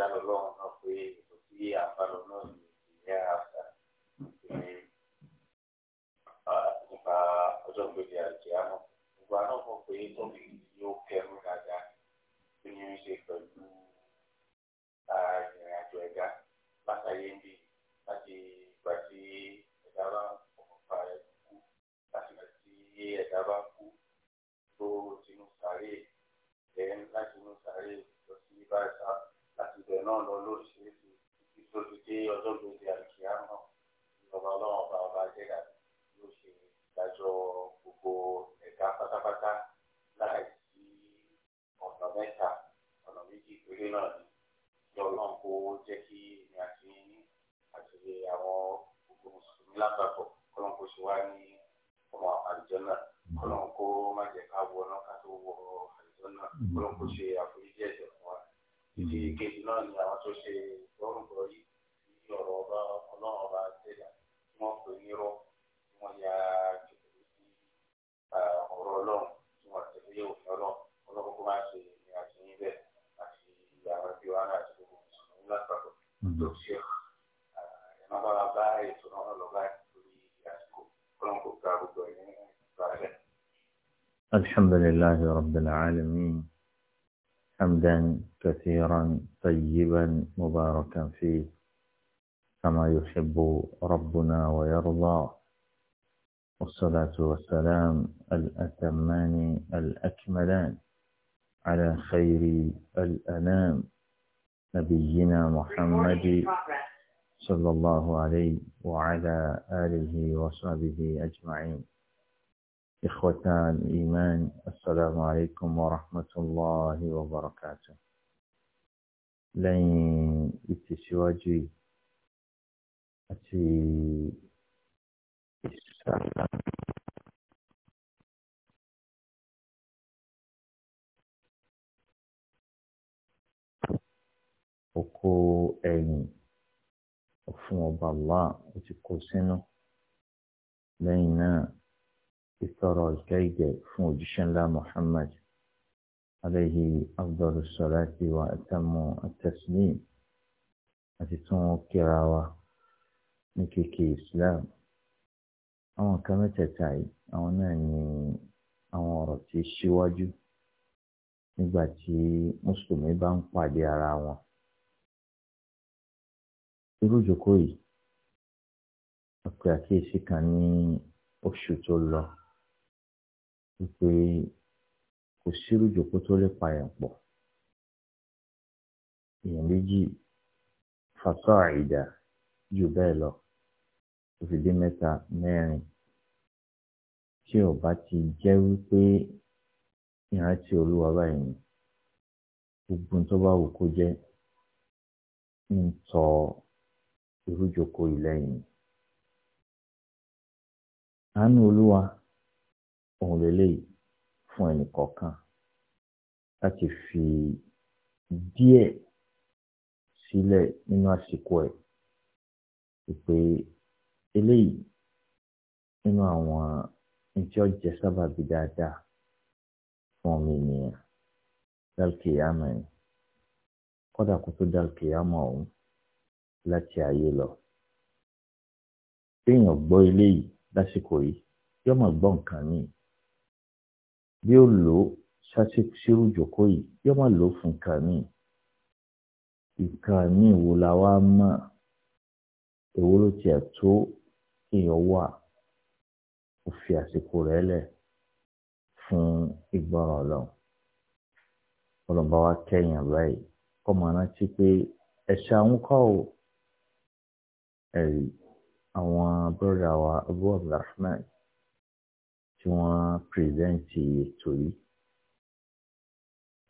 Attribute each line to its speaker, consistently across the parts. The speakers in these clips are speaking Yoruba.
Speaker 1: kọjá lọ lọ́run náà pé kò sí àbálọ náà ní ìyá àgbà ní nípa ọjọ́ gbèdé àjẹ́ àmọ́ gbogbo àná mọ̀ pé tóbi yóò kẹrù dáadáa tó ní í ṣe pẹ̀lú ìrìn àjò ẹ̀dá látàyé ń bì láti ìgbà tí ẹ̀dá bá ọ̀pá ẹ̀ kú láti ìgbà tí ẹ̀dá bá kú tó tinú sàárè ẹ̀ láti inú ibẹ̀ náà lọ lóṣìṣẹ́ títí dé ọjọ́ gbòdì àkíyá náà ìjọba ọlọ́run ọba ọba jẹ́gà ló ṣe ìdájọ́ gbogbo ẹ̀ka pátápátá láì sí ọ̀nà mẹ́ta ọ̀nà méjì péré náà ni ìjọ kó jẹ́ kí èmi àti àti àwọn gbogbo mùsùlùmí lápapọ̀ kọ́lọ́n kó ṣe wá ní ọmọ àlùjọ náà kọ́lọ́n kó má jẹ́ ká wọ náà ká tó wọ àlùjọ náà kọ́lọ́n kó ṣe àforíjì ẹ̀jẹ̀ ìkejì náà ni àwọn tó ṣe lọ́rùnbọ̀rọ̀ yìí ní ọ̀rọ̀ ọba ọlọ́run ọba tẹ̀lá tí wọ́n pè ní rọ tí wọ́n ya jòkòó sí ọ̀rọ̀ ọlọ́run tí wọ́n tẹ̀lé yẹ òfin ọlọ́run ọlọ́run kó máa ṣe ní àtìyìn bẹ́ẹ̀ àti àwọn ẹbí wa náà ti gbogbo mùsùlùmí lápapọ̀ mm-hmm. tó ṣe ẹ̀nà bára bá ètò náà lọ báyìí lórí àsìkò ọlọ́run kò gba gbogbo ẹ̀
Speaker 2: Alhamdulillahi Rabbil Alamin حمدا كثيرا طيبا مباركا فيه كما يحب ربنا ويرضى والصلاة والسلام الأتمان الأكملان على خير الأنام نبينا محمد صلى الله عليه وعلى آله وصحبه أجمعين إخوة الإيمان السلام عليكم ورحمة الله وبركاته لين إتشواجي
Speaker 3: أتي السلام oko ẹyin
Speaker 2: ọfun ọba allah o ti ìtọrọ ìkẹ́ ìgẹ̀ fún òjíṣẹ́ ńlá Muhammad alayhi afdalu salati wa atamu at-taslim àti tún kíra wa ní kéèké Islam àwọn kan mẹ́tẹ̀ẹ̀ta yìí àwọn náà ni àwọn ọrọ tí síwájú nígbà tí mùsùlùmí bá ń pàdé ara wọn. irú ìjókòó yìí a pè àkíyèsí kan ní oṣù tó lọ.
Speaker 3: wípé kò sírú ìjòkó tó lè pa èèyàn pọ̀ èèyàn méjì fàtọ́ àìdá jù bẹ́ẹ̀ lọ tó fi dé mẹ́ta mẹ́rin tí
Speaker 2: ò bá ti jẹ́ wípé ìrántí olúwa báyìí ni gbogbo tó bá wù kó jẹ́ ń tọ irújòkó ìlẹ́yìn. àánú olúwa. òun lélẹ́yìí fún ẹnì kọọkan láti fi díẹ̀ sílẹ̀ nínú àsìkò ẹ̀ pé eléyìí nínú àwọn ìjọ jẹ sábàbí dáadáa fún ọmọ ènìyàn dálkìyàmọ ẹ kódà kó tó dálkìyàmọ ọ̀hún láti ayé lọ téèyàn gbọ́ eléyìí lásìkò yìí gbọ́ nǹkan míì bí ó lò ó ṣáṣíṣírù jòkó yìí yóò máa lò ó fún nǹkan míì nǹkan míì wo la wá mọ̀ èwo ló tiẹ̀ tó èèyàn wà ó fi àsìkò rẹ̀ lẹ̀ fún ìgbọràn ọlọ́run ọlọ́run bá wá kẹ́yìn báyìí ọmọ rántí pé ẹ̀ṣẹ̀ àwọn kọ́ ò ẹ̀rí àwọn bọ́dà wa Abu Abdulrahman tí wọ́n pírẹ́sẹ̀ǹtì ètò yìí.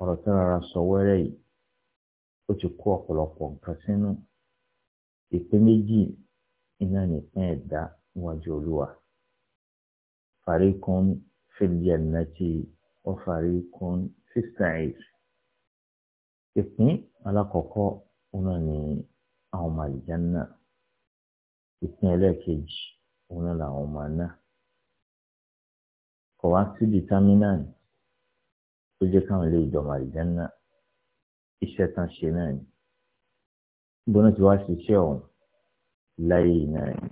Speaker 2: ọ̀rọ̀ tí rárá sọ wẹ́rẹ́ yìí ó ti kó ọ̀pọ̀lọpọ̀ nǹkan sínú ìpín méjì iná nìkan ẹ̀dá níwájú olúwa fàríkún fìdíẹ̀nàtì ó fàríkún fìsàìd ìpín alákọ̀ọ́kọ́ ọ̀nà ni àwọn ọmọ àlìjáná ìpín ẹlẹ́ẹ̀kejì ọ̀nà làwọn ọmọ náà kò wá sí determinant tó jẹ́ káwọn ilé ìjọba àlìjánná iṣẹ́ tán ṣe náà ni gbóná ti wá ṣiṣẹ́ ọ̀hún
Speaker 3: láyé náà ni.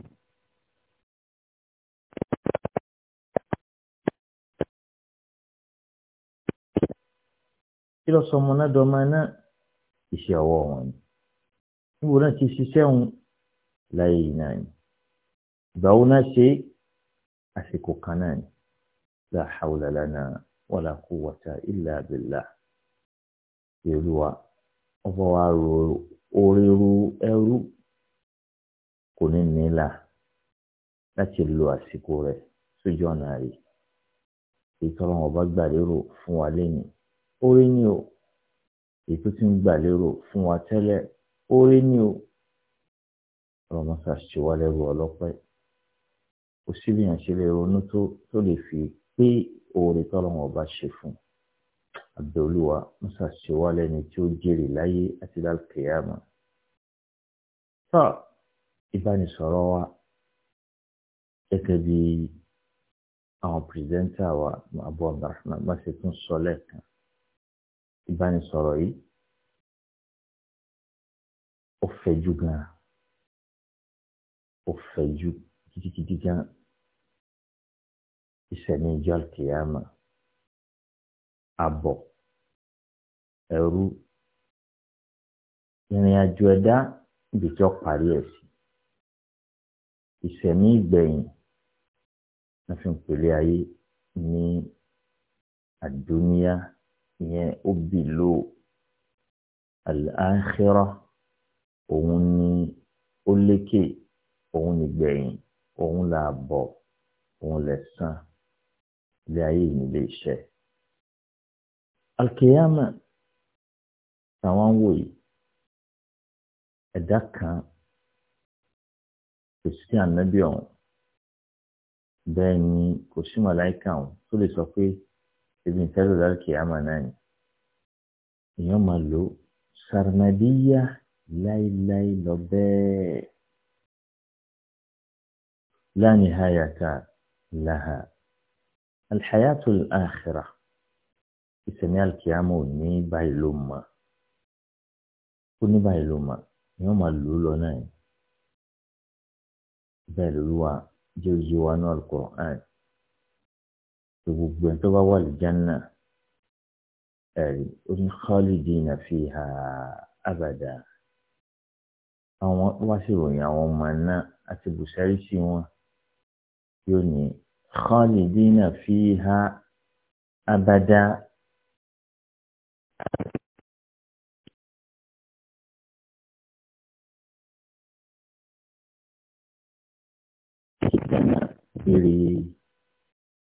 Speaker 3: kí ló sọ ọmọ náà dọ́mọ náà iṣẹ́ ọwọ́ wọn ni níbo náà ti ṣiṣẹ́ ọ̀hún
Speaker 2: láyé náà ni ìgbà wo náà ṣe àsìkò kan náà ni. لا حول لنا ولا قوة إلا بالله. ìrúwa ọba wa ro oríru ẹrú kò ní nílà láti lo àsìkò rẹ̀ sójú ọ̀nà rẹ̀ ìtọ́rọ̀ ọba gbàlérò fún wa lẹ́yìn orí ni o ètò tí ń gbàlérò fún wa tẹ́lẹ̀ orí ni o ọlọ́mọṣà ọlọ́pẹ́ kò síbi ronú tó lè fi pé oore tọ́lọ́wọ́n ọba ṣe fún abdulluwa musa ṣèwá lẹ́ni tí ó jèrè láyé àti lálùkìyàmà. tọ́ ìbánisọ̀rọ̀ wa gẹ́gẹ́ bí àwọn pírẹsidẹ́ntà wa abu abdulrahman bá ṣe tún sọ lẹ́ẹ̀kan ìbánisọ̀rọ̀
Speaker 3: yìí ó fẹ̀jú gan-an ó fẹ̀jú gidigidi gan-an ìṣẹ̀ni ìjọ kìámà àbọ̀ ẹ̀rú
Speaker 2: ìrìn àjò ẹ̀dá ibi tí ó parí ẹ̀ sí ìṣẹ̀mí ìgbẹ̀yìn wọ́n fi ń pèlè ayé ní àdúnyá ìyẹn ó bì ló àlàáhírà òun ni ó lékè òun nìgbẹ̀yìn òun là bọ̀ òun lẹ̀ sàn
Speaker 3: ilé ayé yìí nílé iṣẹ́ alkiyama táwọn wò yìí ẹ̀dá kan kò sí ànábì ọ̀hún bẹ́ẹ̀ ni kò sí màláìka
Speaker 2: ọ̀hún tó lè sọ pé ebi ń tẹ́lẹ̀ lálkiyama náà ni èèyàn máa lò sàrmàdíyà láíláí lọ bẹ́ẹ̀ la nihayata laha. الحياة الآخرة ìsẹ̀mí alikiyama ò ní báyìí ló mọ̀ ó ní báyìí ló mọ̀ ni wọ́n máa lò ó lọ náà bẹ́ẹ̀ lóluwà jẹ́ òye wa náà al-Qur'an gbogbo ẹ̀ tó bá wà lìjánná ẹ̀rí ó ní khalidina fiha abada àwọn wá sí ìròyìn àwọn ọmọ náà àti bùsẹ́rì sí wọn yóò ní khalidina
Speaker 3: fiha abada.
Speaker 2: kiri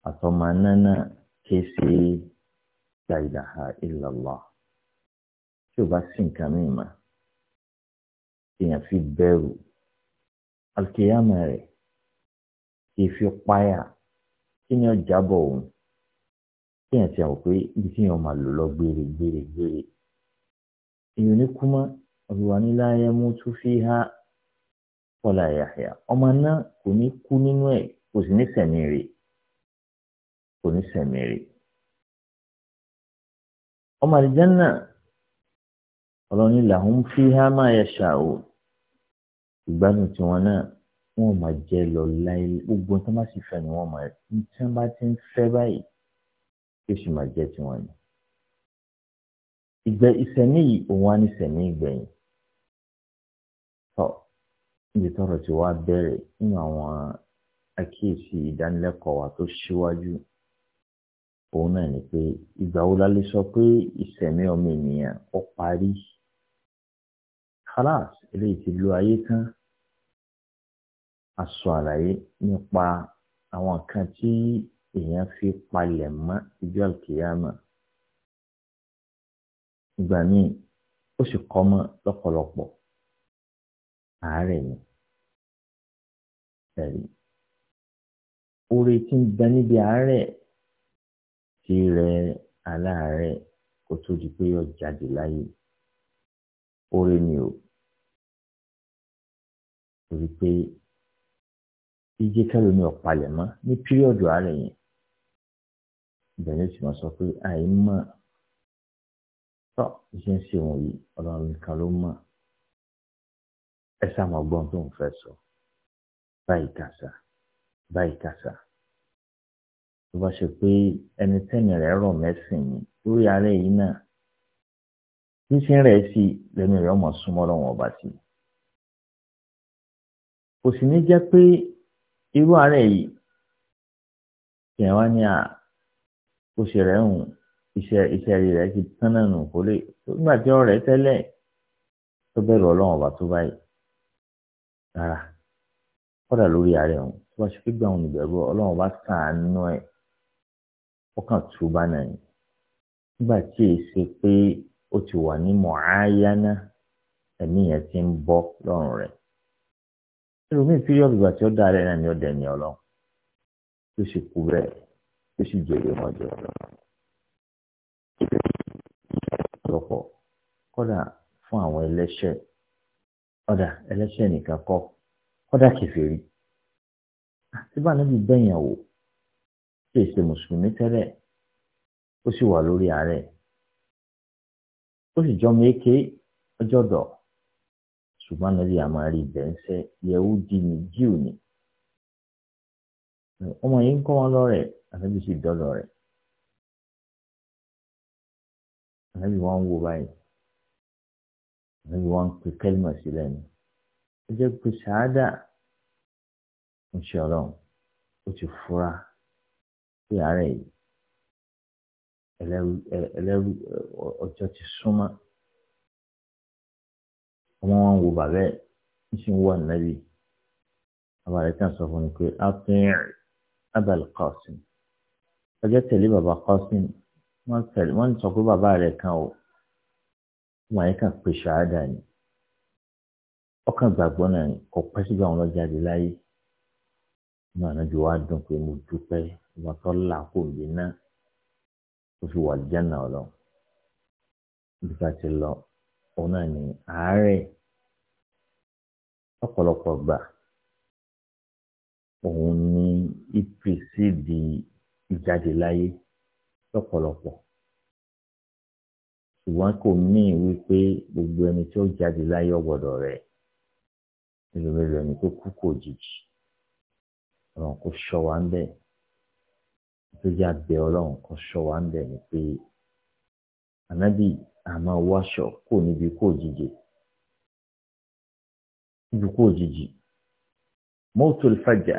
Speaker 2: àtọmọ̀nánà ké sí la ilaha illallah tí o bá sì nǹkan mi mà èèyàn fi bẹ̀rù alkiyama rẹ̀ kì í fi páyà kí ni ọjà bọ̀ òun kí ti pé ibi tí ọ máa lò lọ gbére gbére gbére èèyàn ní kú mọ́ ọ̀rùwà nílá láyé mú tún fi há ọ̀la ọmọ náà kò ní kú nínú ẹ̀ kò sì ní sẹ̀mí rè
Speaker 3: kò ní sẹ̀mí rè ọmọ àlìjánà ọlọ́ni làwọn fi há máa yẹ ìgbádùn
Speaker 2: tiwọn náà. wọn ò mà jẹ lọ láì gbogbo tí wọn sì fẹ́ ni wọn mà tí wọn bá ti ń fẹ́ báyìí tí ó sì mà jẹ tiwọn ni. ìgbẹ́ ìsẹ̀mí yìí òun á ní sẹ̀mí ìgbẹ̀yìn. tọ́ níbi tọ́rọ̀ tí wàá bẹ̀rẹ̀ nínú àwọn àkíyèsí ìdánilẹ́kọ̀ọ́ wa tó ṣíwájú òun náà ni pé ìgbà wo la lè sọ pé ìsẹ̀mí ọmọ ènìyàn ó parí. kálá eléyìí ti lo ayé tán a sọ àlàyé nípa àwọn nǹkan tí èèyàn fi palẹ̀ mọ́ ìjọ àlùkìyàmà. Ìgbà
Speaker 3: míì ó sì kọ́ mọ́ lọ́pọ̀lọpọ̀ àárẹ̀ ni. Ẹ̀rí. Oore
Speaker 2: tí ń bẹ níbi àárẹ̀
Speaker 3: ti rẹ aláàárẹ̀ kó tó di pé yọ jáde láyé. Oore ni o. Torí pé jíjẹ́ kẹlòmí ọ̀palẹ̀ mọ́ ní píríọ̀dù ààrẹ yẹn
Speaker 2: ìbẹ̀rẹ̀ yóò sì máa sọ pé àìmọ̀ tọ́ iṣẹ́ ń ṣe wọ̀nyí ọlọ́run nìkan ló mọ̀ ẹ sáà máa gbọ́n tó ń fẹ́ sọ báyìí kàṣà báyìí kàṣà tó bá ṣe pé ẹni tẹ́ni rẹ̀ rọ̀ mẹ́sìn ni lórí ààrẹ yìí náà ṣíṣe rẹ̀ sí lẹ́nu rẹ̀ ọmọ súnmọ́ lọ́wọ́n ọba sí kò sì ní jẹ́ pé irú àárẹ̀ yìí kìí wá ní à kó ṣe rẹ̀ ń iṣẹ́ iṣẹ́ rẹ̀ ti tán náà nù kó lè nígbà tí ọ̀rẹ́ tẹ́lẹ̀ tó bẹ̀rù ọlọ́run ọba tó báyìí rárá kọ́dà lórí àárẹ̀ òun tó bá ṣe pé gbà òun ìbẹ̀rù ọlọ́run ọba sàánú ẹ̀ ọkàn tó bá náà ni nígbà tí èyí ṣe pé ó ti wà ní mọ̀ áyá náà ẹ̀mí yẹn ti ń bọ́ lọ́rùn rẹ̀ ẹlòmíì píríọ̀dù ìgbà tí ó dá rẹ̀ náà ni ó dẹ̀ni ọlọ́run tó sì kú rẹ̀ tó sì jèrè wọn jẹ ọ̀pọ̀lọpọ̀ kódà fún àwọn ẹlẹ́ṣẹ̀ kódà ẹlẹ́ṣẹ̀ nìkan kọ́ kódà kèfèrí àti ah, bá níbi bẹ́yàn wò ṣe ṣe mùsùlùmí tẹ́lẹ̀ ó sì wà lórí àárẹ̀ ó sì jọ́ mi éke ọjọ́ dọ̀ ṣùgbọ́n nàbí àmàrí ibẹ̀ ń sẹ́
Speaker 3: yẹ̀wúdì ní jíù ni ọmọ yìí ń kọ́ wọn lọ́rẹ̀ ànábì sì dọ́lọ̀ rẹ̀ ànábì wọn ń wo báyìí
Speaker 2: ànábì wọn ń pe kẹ́lìmọ̀ sílẹ̀ ni ó jẹ́ pé sàádà ń ṣe ọlọ́run ó ti fura pé àárẹ̀ yìí ẹlẹ́rú ọjọ́ ti súnmọ́ ọmọ wọn ń wo bàbá ẹ̀ ń sì ń wọ ànábì bàbá rẹ̀ kàn sọ fún mi pé atin abal qasim ọjọ́ tẹ̀lé bàbá qasim wọ́n tẹ̀lé wọ́n sọ pé bàbá rẹ̀ kan o wọ́n yẹn kàn pé ṣáádà ni ọkàn gbàgbọ́ náà kò pẹ́ síbi àwọn ọlọ́jáde láyé náà lọ́jọ́ wa dùn pé mo dúpẹ́ ìwà tó là kò mí náà ó fi wà jẹ́nà ọ̀lọ́ nípa ti lọ òun náà ni àárẹ̀ ọ̀pọ̀lọpọ̀ gbà òun ni apc di ìjáde láyé lọ́pọ̀lọpọ̀ ṣùgbọ́n kò míì wípé gbogbo ẹni tí ó jáde láyé ọ̀gbọ̀dọ̀ rẹ̀ mélòó ẹni tó kú kò jìjì ọ̀ràn kò ṣọ́ wa ń bẹ̀ tó yà bẹ ọlọ́run kò ṣọ́ wa ń bẹ̀ ni pé ànábì àmọ́ wáṣọ kò níbi kò jìjì níbi kú òjijì mọ́tò fàjà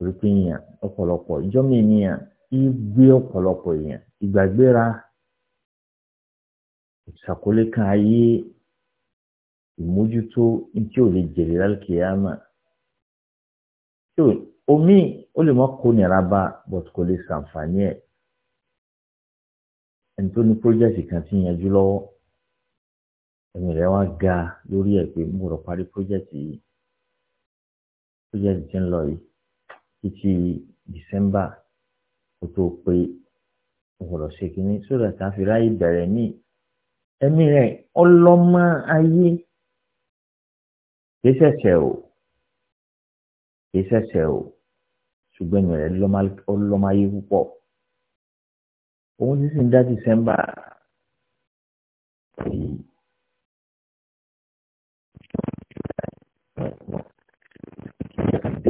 Speaker 2: òrùkú èèyàn ọ̀pọ̀lọpọ̀ ìjọ́mi ènìyàn ìgbé ọ̀pọ̀lọpọ̀ èèyàn ìgbàgbéra ìṣàkólé kan ayé ìmójútó tí ò lè jèrè lálùkìyàmà tí omi ó lè mọ́ kó nira bá bọ́t kò lè ṣàǹfààní ẹ̀ ẹni tó ní pírójẹ́tì kan ti yanjú lọ́wọ́ ẹ̀mí rẹ̀ wá ga lórí ẹ̀ pé mo rọ̀ parí pọ́jẹ́tì yìí pọ́jẹ́tì ti ń lọ yìí títí December kó tó pé mo gbọ́dọ̀ ṣe kínní sódà tá a fi ráyè bẹ̀rẹ̀ míì ẹ̀mí rẹ̀ ọlọ́mọ ayé kìí ṣẹ̀ṣẹ̀ o kìí ṣẹ̀ṣẹ̀ o ṣùgbọ́n ẹ̀mí rẹ̀ ọlọ́mọ
Speaker 3: ayé púpọ̀ òun sì sì ń dá December yìí.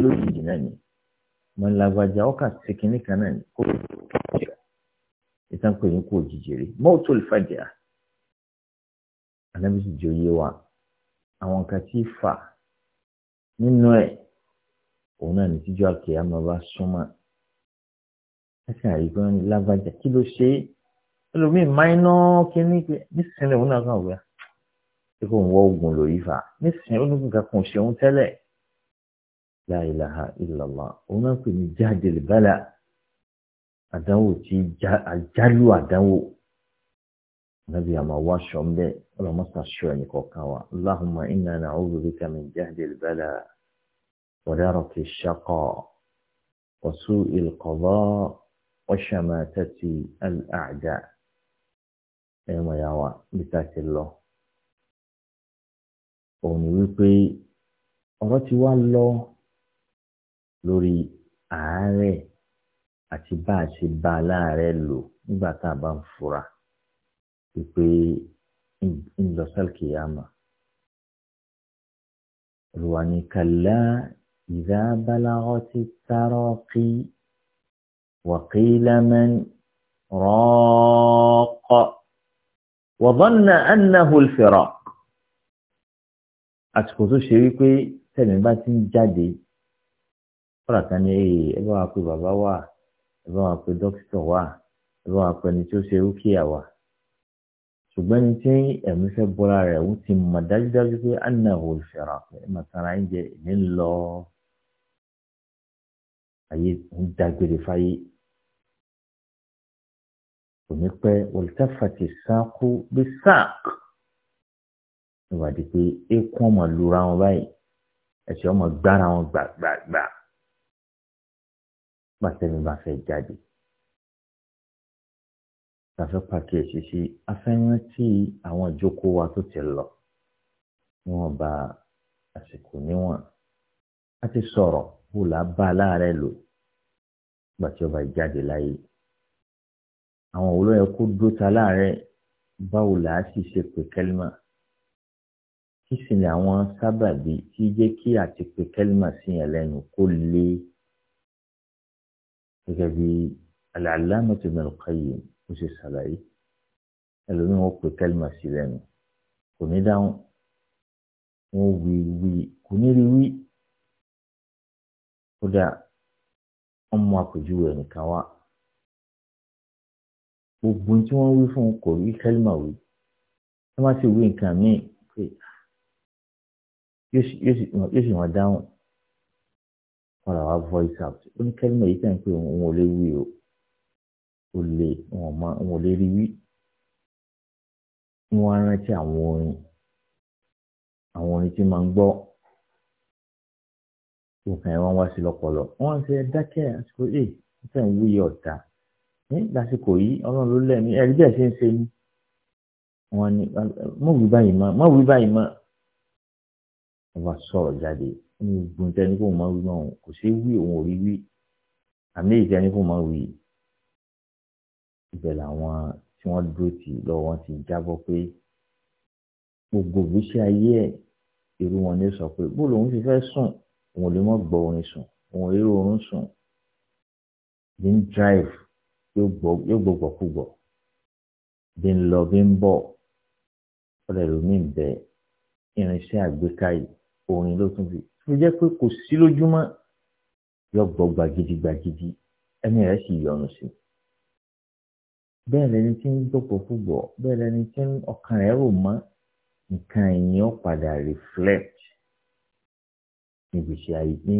Speaker 2: lójijì náà ni mọ lágbájá ọkà sí kinní kan náà ni kó ìtàn pè ní kó òjijì rí mọ́tò ìfàjà ànábìsì jẹ́ òye wa àwọn kan tí fà nínú ẹ̀ òun náà ní tíjọ́ àkèyàmọ́ bá súnmọ́ ẹsẹ̀ àyíkọ́ ní lágbájá kí ló ṣe é ẹlòmíì máìnà kínní pé nísìnyí òun náà kàn wíwá pé kò ń wọ oògùn lòyìí fà nísìnyí ó ní kò kà kò ṣe òun tẹ́lẹ̀ la ilaha illallah òun náà pè ní jahadil bala àdánwò tí àjálù àdánwò nàbí àmà wá aṣọ ńbẹ ọlọmọsà aṣọ ẹnì kọ̀ọ̀kan wa allahumma inna na'udhu bika min jahadil bala wa daraki shaqa wa su'il qada wa shamatati al-a'da ẹ̀ mọ̀ yà wá ti lọ òun wípé ọ̀rọ̀ ti wá lọ lórí àárẹ̀ àti bá a ṣe bá a láàárẹ̀ lò nígbà tá a bá ń fura wípé ń lọ sálkì yàmà. Olùwà ní kàlá ìdá balárọ̀ ti tààrọ̀ kí wàkílà man rọ́ọ̀kọ̀ annahu al-firaq. Àsìkò tó ṣe wípé tẹ̀mí bá ti ń jáde kọ́lá kan ní èyí ẹ bá wa pé bàbá wa ẹ bá wa pé dókítà wa ẹ bá wa pé ẹni tí ó ṣe rúkìá wa ṣùgbọ́n ní tí ẹ̀mí fẹ́ bọ́ra rẹ̀ òun ti mọ̀ dájúdájú pé anna ò ṣẹ̀rà pé ẹ̀ máa tara ẹ̀jẹ̀ ní lọ ayé ń dágbére fáyé kò ní pẹ́ wọ̀lítàfàtì sáàkú bí sáàkù ìwádìí pé eékún ọmọ lura wọn báyìí ẹ̀sìn ọmọ gbára wọn gbàgbàgbà pàtẹ́mi bá fẹ́ jáde. Tàfẹ́ pàkíyèsí sí afẹ́rántí àwọn ìjókòó wa tó ti lọ níwọ̀n ba àsìkò níwọ̀n. A ti sọ̀rọ̀ wò lábá láàárẹ̀ lò nígbà tí ọba ìjáde láyé. Àwọn òwúrọ̀ yẹ kó dóta láàárẹ̀ báwo là á sì ṣe pè kẹ́límà. Kí sì ni àwọn sábàbí tí jẹ́ kí àti pè kẹ́límà sí yẹn lẹ́nu kó lé gẹ́gẹ́ bí al-Allamah Ibn al-Qayyim ó ṣe ṣàlàyé ẹlòmíì wọn pè kẹ́lìmà sí lẹ́nu kò ní dáhùn wọn wí wí kò ní rí
Speaker 3: wí kódà wọn mú àpèjúwe nìkan wá gbogbo tí wọn wí fún kò rí kẹ́lìmà wí
Speaker 2: wọn bá sì wí nǹkan míì pé yóò sì wọn dáhùn padà wá voice out ó ní kẹ́lìmọ̀ yìí kàn pé òun ò lè wí o ò lè wọn mọ òun ò lè rí wí wọn á rántí àwọn orin àwọn orin tí máa ń gbọ́ nǹkan ẹ̀ wọ́n wá sí lọ́pọlọ wọ́n ṣe dákẹ́ àsìkò ẹ̀ wọ́n fẹ́ wúyẹ ọ̀tá ní lásìkò yìí ọlọ́run ló lẹ́ẹ̀mí ẹ̀rí bẹ́ẹ̀ ṣe ń ṣe ni wọ́n ní mọ̀ wí báyìí mọ̀ wí báyìí mọ́ wọ́n sọ̀rọ̀ jáde ní gbogbo ìtẹ́ni kò máa wí náà kò ṣeé wí òun ò rí wí àmì ìtẹ́ni kò máa wí ibẹ̀ làwọn tí wọ́n dúró tì lọ́wọ́ wọn ti jábọ́ pé gbogbo ìgbésí ayé ẹ̀ irú wọn ni sọ pé bó lòun ti fẹ́ sùn òun ò lè mọ́ gbọ́ orin sùn òun ò lè oorun sùn bí ń drive yóò gbọ́gbọ́ kúgbọ́ bí ń lọ bí ń bọ̀ ọ̀rẹ́ lómi ń bẹ irinṣẹ́ àgbékáyé orin ló tún fi o jẹ́ pé kò sí lójúmọ́ yọ gbọ́ gbàgidi gbàgidi ẹni rẹ̀ sì yọnu sí bẹ́ẹ̀ lẹni tí ń gbọ́pọ̀ fúgbọ̀ bẹ́ẹ̀ lẹni tí ọkàn rẹ̀ rò mọ́ nǹkan ẹ̀yìn ó padà reflect níbìṣẹ́ ní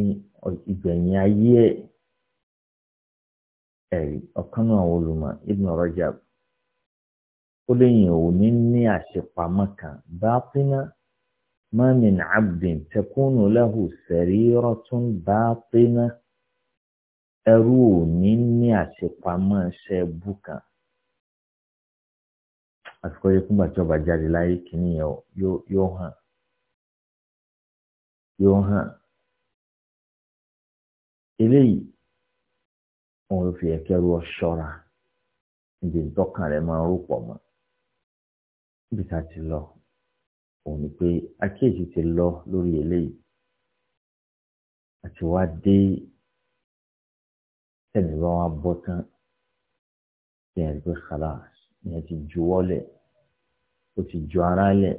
Speaker 2: ìgbẹ̀yìn ayé ẹ̀ ẹ̀rí ọ̀kan náà ما من عبد تكون له سريرة باطنة ẹrú ò ní ní àṣepamọ́ iṣẹ́ bú kan àsìkò yẹ fúngbà tí
Speaker 3: ọba jáde láyé kìíní yẹn yóò hàn yóò hàn eléyìí òun fi
Speaker 2: ẹkẹrù ọṣọra òun ni pé àkíyèsí ti lọ lórí eléyìí àti wá dé tẹ̀mí bá wá bọ́ tán kí ẹ̀ pé kàlá ìyẹn ti juwọ́lẹ̀ ó ti ju ara lẹ̀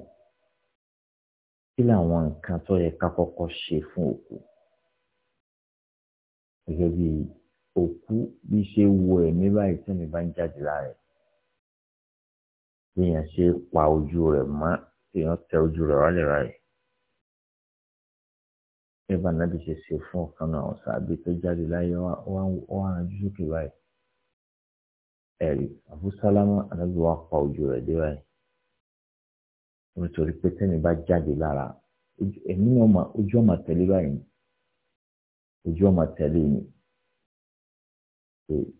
Speaker 2: kí làwọn nǹkan tó yẹ ká kọ́kọ́ ṣe fún òkú gẹ́gẹ́ bí òkú bí ṣe wo ẹ̀mí báyìí tẹ̀mí bá ń jáde lára ẹ̀ bí èèyàn ṣe pa ojú rẹ̀ mọ́ èèyàn tẹ ojú rẹ̀ wálẹ̀ ráyè ẹ̀bà nàbì ṣe ṣe fún ọ̀kan náà ọ̀sà àbí tó jáde láyé wá ń ju sókè báyìí ẹ̀rí àbúsálámà ànábì wa pa ojú rẹ̀ dé báyìí nítorí pé tẹ́mi bá jáde lára èmi náà mà ojú ọ̀mà tẹ̀lé báyìí ojú ọ̀mà tẹ̀lé ni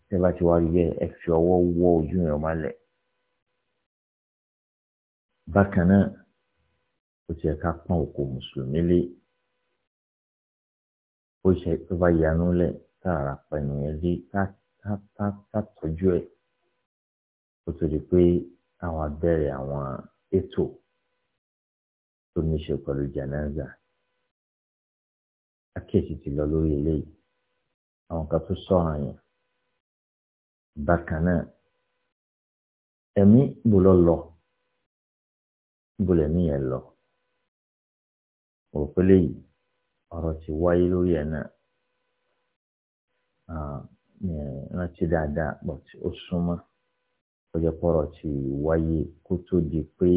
Speaker 2: tẹ́ bá ti wá rí bẹ́ẹ̀ ẹ fi ọwọ́ wọ ojú yẹn ọmọ alẹ̀ bákan náà ó ti yẹ ká pọ́n òkú mùsùlùmí lé ó ṣe tó bá yanú lẹ̀ tààrà pẹ̀lú yẹn lé tàtọ́jú ẹ̀ ó tó di pé àwọn abẹ́rẹ́ àwọn ètò tó ní ṣe pẹ̀lú jẹ̀nẹ́zà
Speaker 3: akéèsì ti lọ lórí eléyìí àwọn kan tó sọ̀rọ̀ àyàn bákan náà ẹ̀mí bò lọ lọ bò lẹ̀mí yẹn lọ rò pé léyìí
Speaker 2: ọ̀rọ̀ ti wáyé lórí ẹ̀ náà rántí dáadáa but ó súnmọ́ ó jẹ́ pọ̀rọ̀ ti wáyé kó tó di pé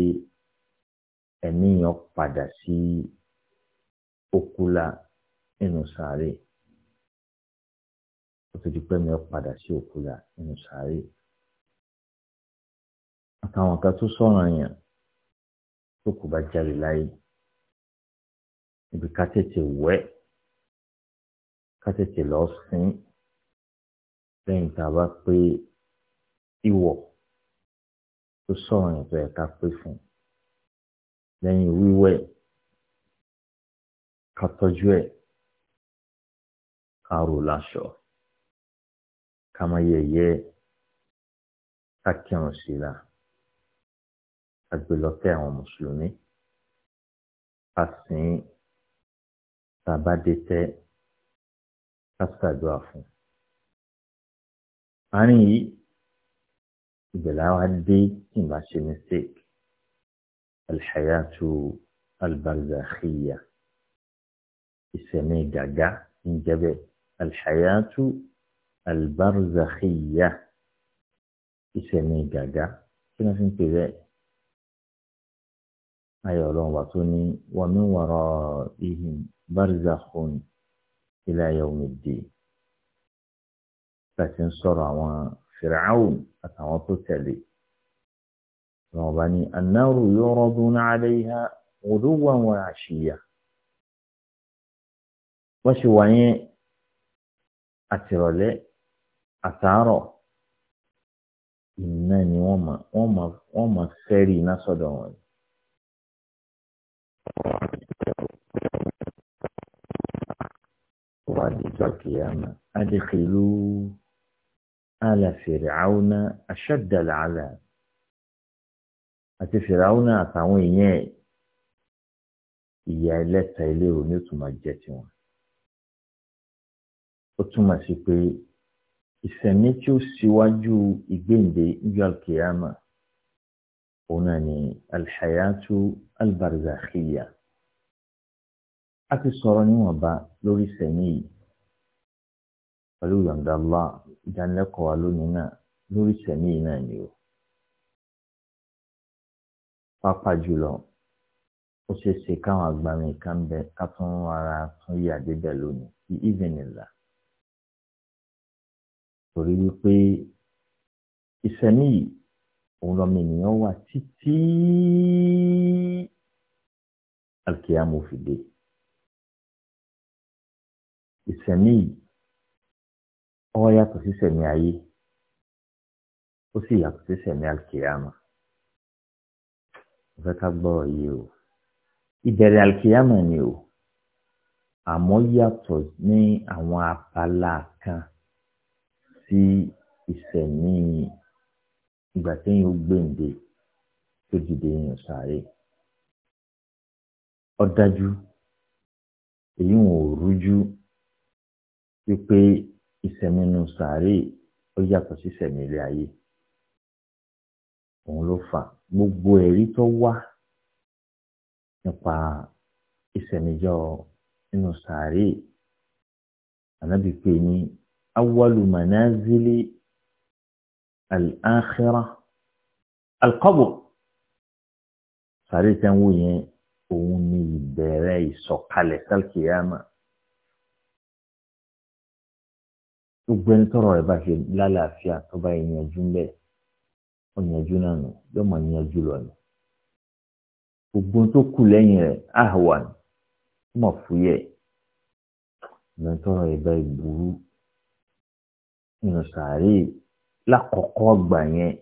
Speaker 2: ẹ̀mí yẹn padà sí òkúlà nínú sàárè ó tó di pé ẹ̀mí yẹn padà sí òkúlà nínú sàárè àtàwọn kan tó sọ̀rọ̀ yẹn
Speaker 3: tó kù bá jáde láyé ibi ká tètè wẹ̀ ká tètè lọ sin lẹ́yìn tá a bá pé ìwọ̀ tó sọ̀rọ̀ yẹn tó yẹ ká pé fún lẹ́yìn wíwẹ̀ ká tọ́jú ẹ̀ ká rò láṣọ ká má yẹ̀yẹ́ ká kírun sí i la ká gbé lọ tẹ àwọn mùsùlùmí ká sìn ín tàbá dé tẹ́ káfíńtàdúrà fún.
Speaker 2: àárín yìí ìbẹ̀lẹ̀ wa dé tí màá ṣe mistake alhayatu albarzakhiya ìsẹ̀mí gàgá ń jẹ́bẹ̀ alhayatu albarzakhiya ìsẹ̀mí gàgá kí wọ́n fi ń pè ayọ̀ ọlọ́run wà tó ní wọ́n mi wọ̀rọ̀ ihin barzakhun ila yawmiddin láti ń sọ̀rọ̀ àwọn fìràáhùn àtàwọn tó tẹ̀lé wọn bá ní annaru yuraduna alayha ghuduwan wa ashiya wọ́n ṣe wà yẹn àtìrọ̀lẹ́ àtàárọ̀ ni wọ́n máa wọ́n máa wọ́n máa fẹ́rí iná sọ́dọ̀ wọn. wà dìjọ́ kìyàmà adìkìlú àlà fìràwùnà aṣọ́dàlà àlà àti fìràwùnà àtàwọn èèyàn ẹ̀ ìyá ẹlẹ́ta ìlérò ní ó tún máa jẹ́ tiwọn. ó túmọ̀ sí pé ìsẹ̀mí tí ó síwájú ìgbéǹde ìjọ alkiyama òun náà ni alhayatu albarzakhiya. Al a ti sọ̀rọ̀ níwọ̀nba lórí sẹ̀mí yìí pẹ̀lú yọ̀ǹda Allah ìdánilẹ́kọ̀ọ́ wa lónìí náà lórí sẹ̀mí yìí náà ni o. pápá jùlọ ó ṣeé ṣe káwọn agbami kan bẹ ká tún ara tún yí àdébẹ̀ lónìí bí ìvìnìlà. torí wípé ìsẹ̀mí yìí òun lọ́mọ ènìyàn wà títí
Speaker 3: alkiyamu fi dé ìsẹ̀mí yìí ó yàtọ̀ sí sẹ̀mí ayé ó sì yàtọ̀ sí sẹ̀mí alkiyama
Speaker 2: mo fẹ́ ká gbọ́rọ̀ yìí o ìbẹ̀rẹ̀ alkiyama ni o àmọ́ yàtọ̀ ní àwọn abala kan sí ìsẹ̀mí ìgbà téèyàn gbèǹde tó dìde yàn sáré ó dájú èyí wọn ò rújú wípé ìsẹ̀mí inú sàárè ó yàtọ̀ sí ìsẹ̀mí ilé ayé òun ló fà gbogbo ẹ̀rí tó wá nípa ìsẹ̀míjọ́ inú sàárè ànábì pé ní awwalu manazili al sàárè tẹ́ ń wò yẹn òun ni ìbẹ̀rẹ̀ ìsọ̀kalẹ̀ sálkìyàmà. gbogbo ẹni tọrọ rẹ bá ṣe lálàáfíà tó bá yanjú ńlẹ ó yanjú náà nù yóò máa yanjú lọ ni gbogbo tó kù lẹ́yìn rẹ àhùwà ah, ni ó mọ fúyẹ
Speaker 3: ẹni tọrọ rẹ bá burú nínú sàárè lákọ̀ọ́kọ́ gbà yẹn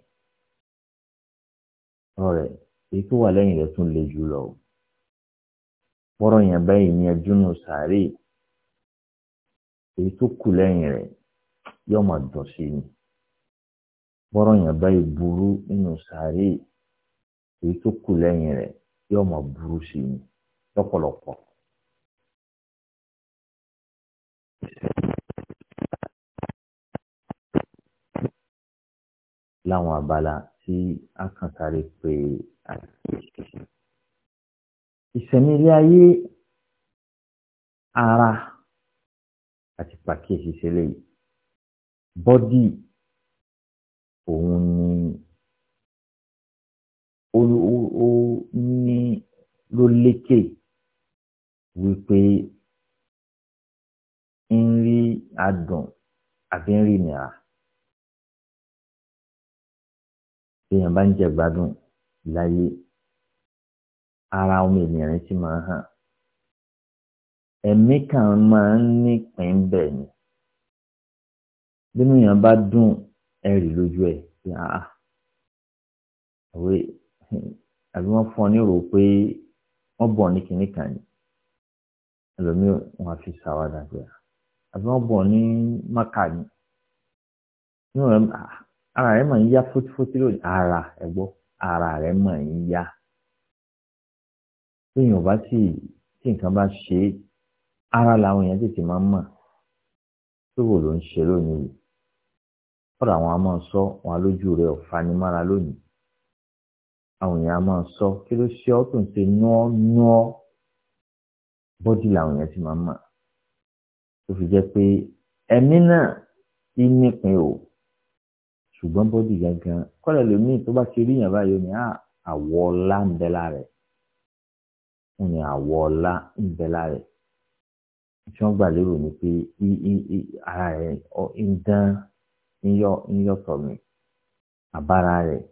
Speaker 3: ọ̀rẹ́
Speaker 2: èyí tó wà lẹ́yìn rẹ tún le jù lọ bọ́rọ̀ yẹn báyìí yanjú nù sàárè èyí tó kù lẹ́yìn rẹ̀ yóò máa dùn sí ni bọ́rọ̀ yẹn báyìí burú nínú sàárè èyí tó
Speaker 3: kù lẹ́yìn rẹ̀ yóò máa burú sí ni lọ́pọ̀lọpọ̀. láwọn abala tí a kàn sáré pé ìsẹ̀mí ilé ayé ara àti pàkíyèsí ṣẹlẹ̀ yìí bọ́dì òun ni ó ó
Speaker 2: ní ló lékè wípé
Speaker 3: ń rí adùn àbí ń rí ìnira èèyàn bá ń jẹ gbádùn láyé ara ọmọ ènìyàn sì máa hàn ẹ̀mí
Speaker 2: kan máa ń nípìn bẹ́ẹ̀ ni bínú yẹn bá dùn ẹ̀rì lójú ẹ̀ pé àá àwẹ àbí wọ́n fún ọ ní rò pé wọ́n bọ̀ ní kinní kan ni ẹlòmíì wọn fi ṣàwádà pé àbí wọ́n bọ̀ ní maka ni ara rẹ̀ mà ń yá fótífótí lónìí ara ẹ̀ gbọ́ ara rẹ̀ mà ń yá téèyàn bá sì tí nǹkan bá ṣe é ara làwọn èèyàn tètè máa ń mọ̀ tó wò ló ń ṣe lónìí yìí ọ̀rọ̀ àwọn a máa sọ wọn alójú rẹ̀ ọ̀fanimára lónìí àwọn èèyàn a máa sọ kí ló ṣe ọ́ tó ń ṣe yán yán bọ́dì làwọn èèyàn ti máa ń mà tó fi jẹ́ pé ẹ̀mí náà ti nípìn o ṣùgbọ́n bọ́dì gangan kọ́lẹ̀ lómìn tó bá ti rí yàn báyìí ó ní ah, àwọ̀ ń bẹ lára ẹ̀ ó ní àwọ̀ ọ̀la ń bẹ lára ẹ̀ tí wọ́n gbà lérò ni pé ara rẹ̀ ń dán ń yọ ń yọ tọ̀mì àbára rẹ̀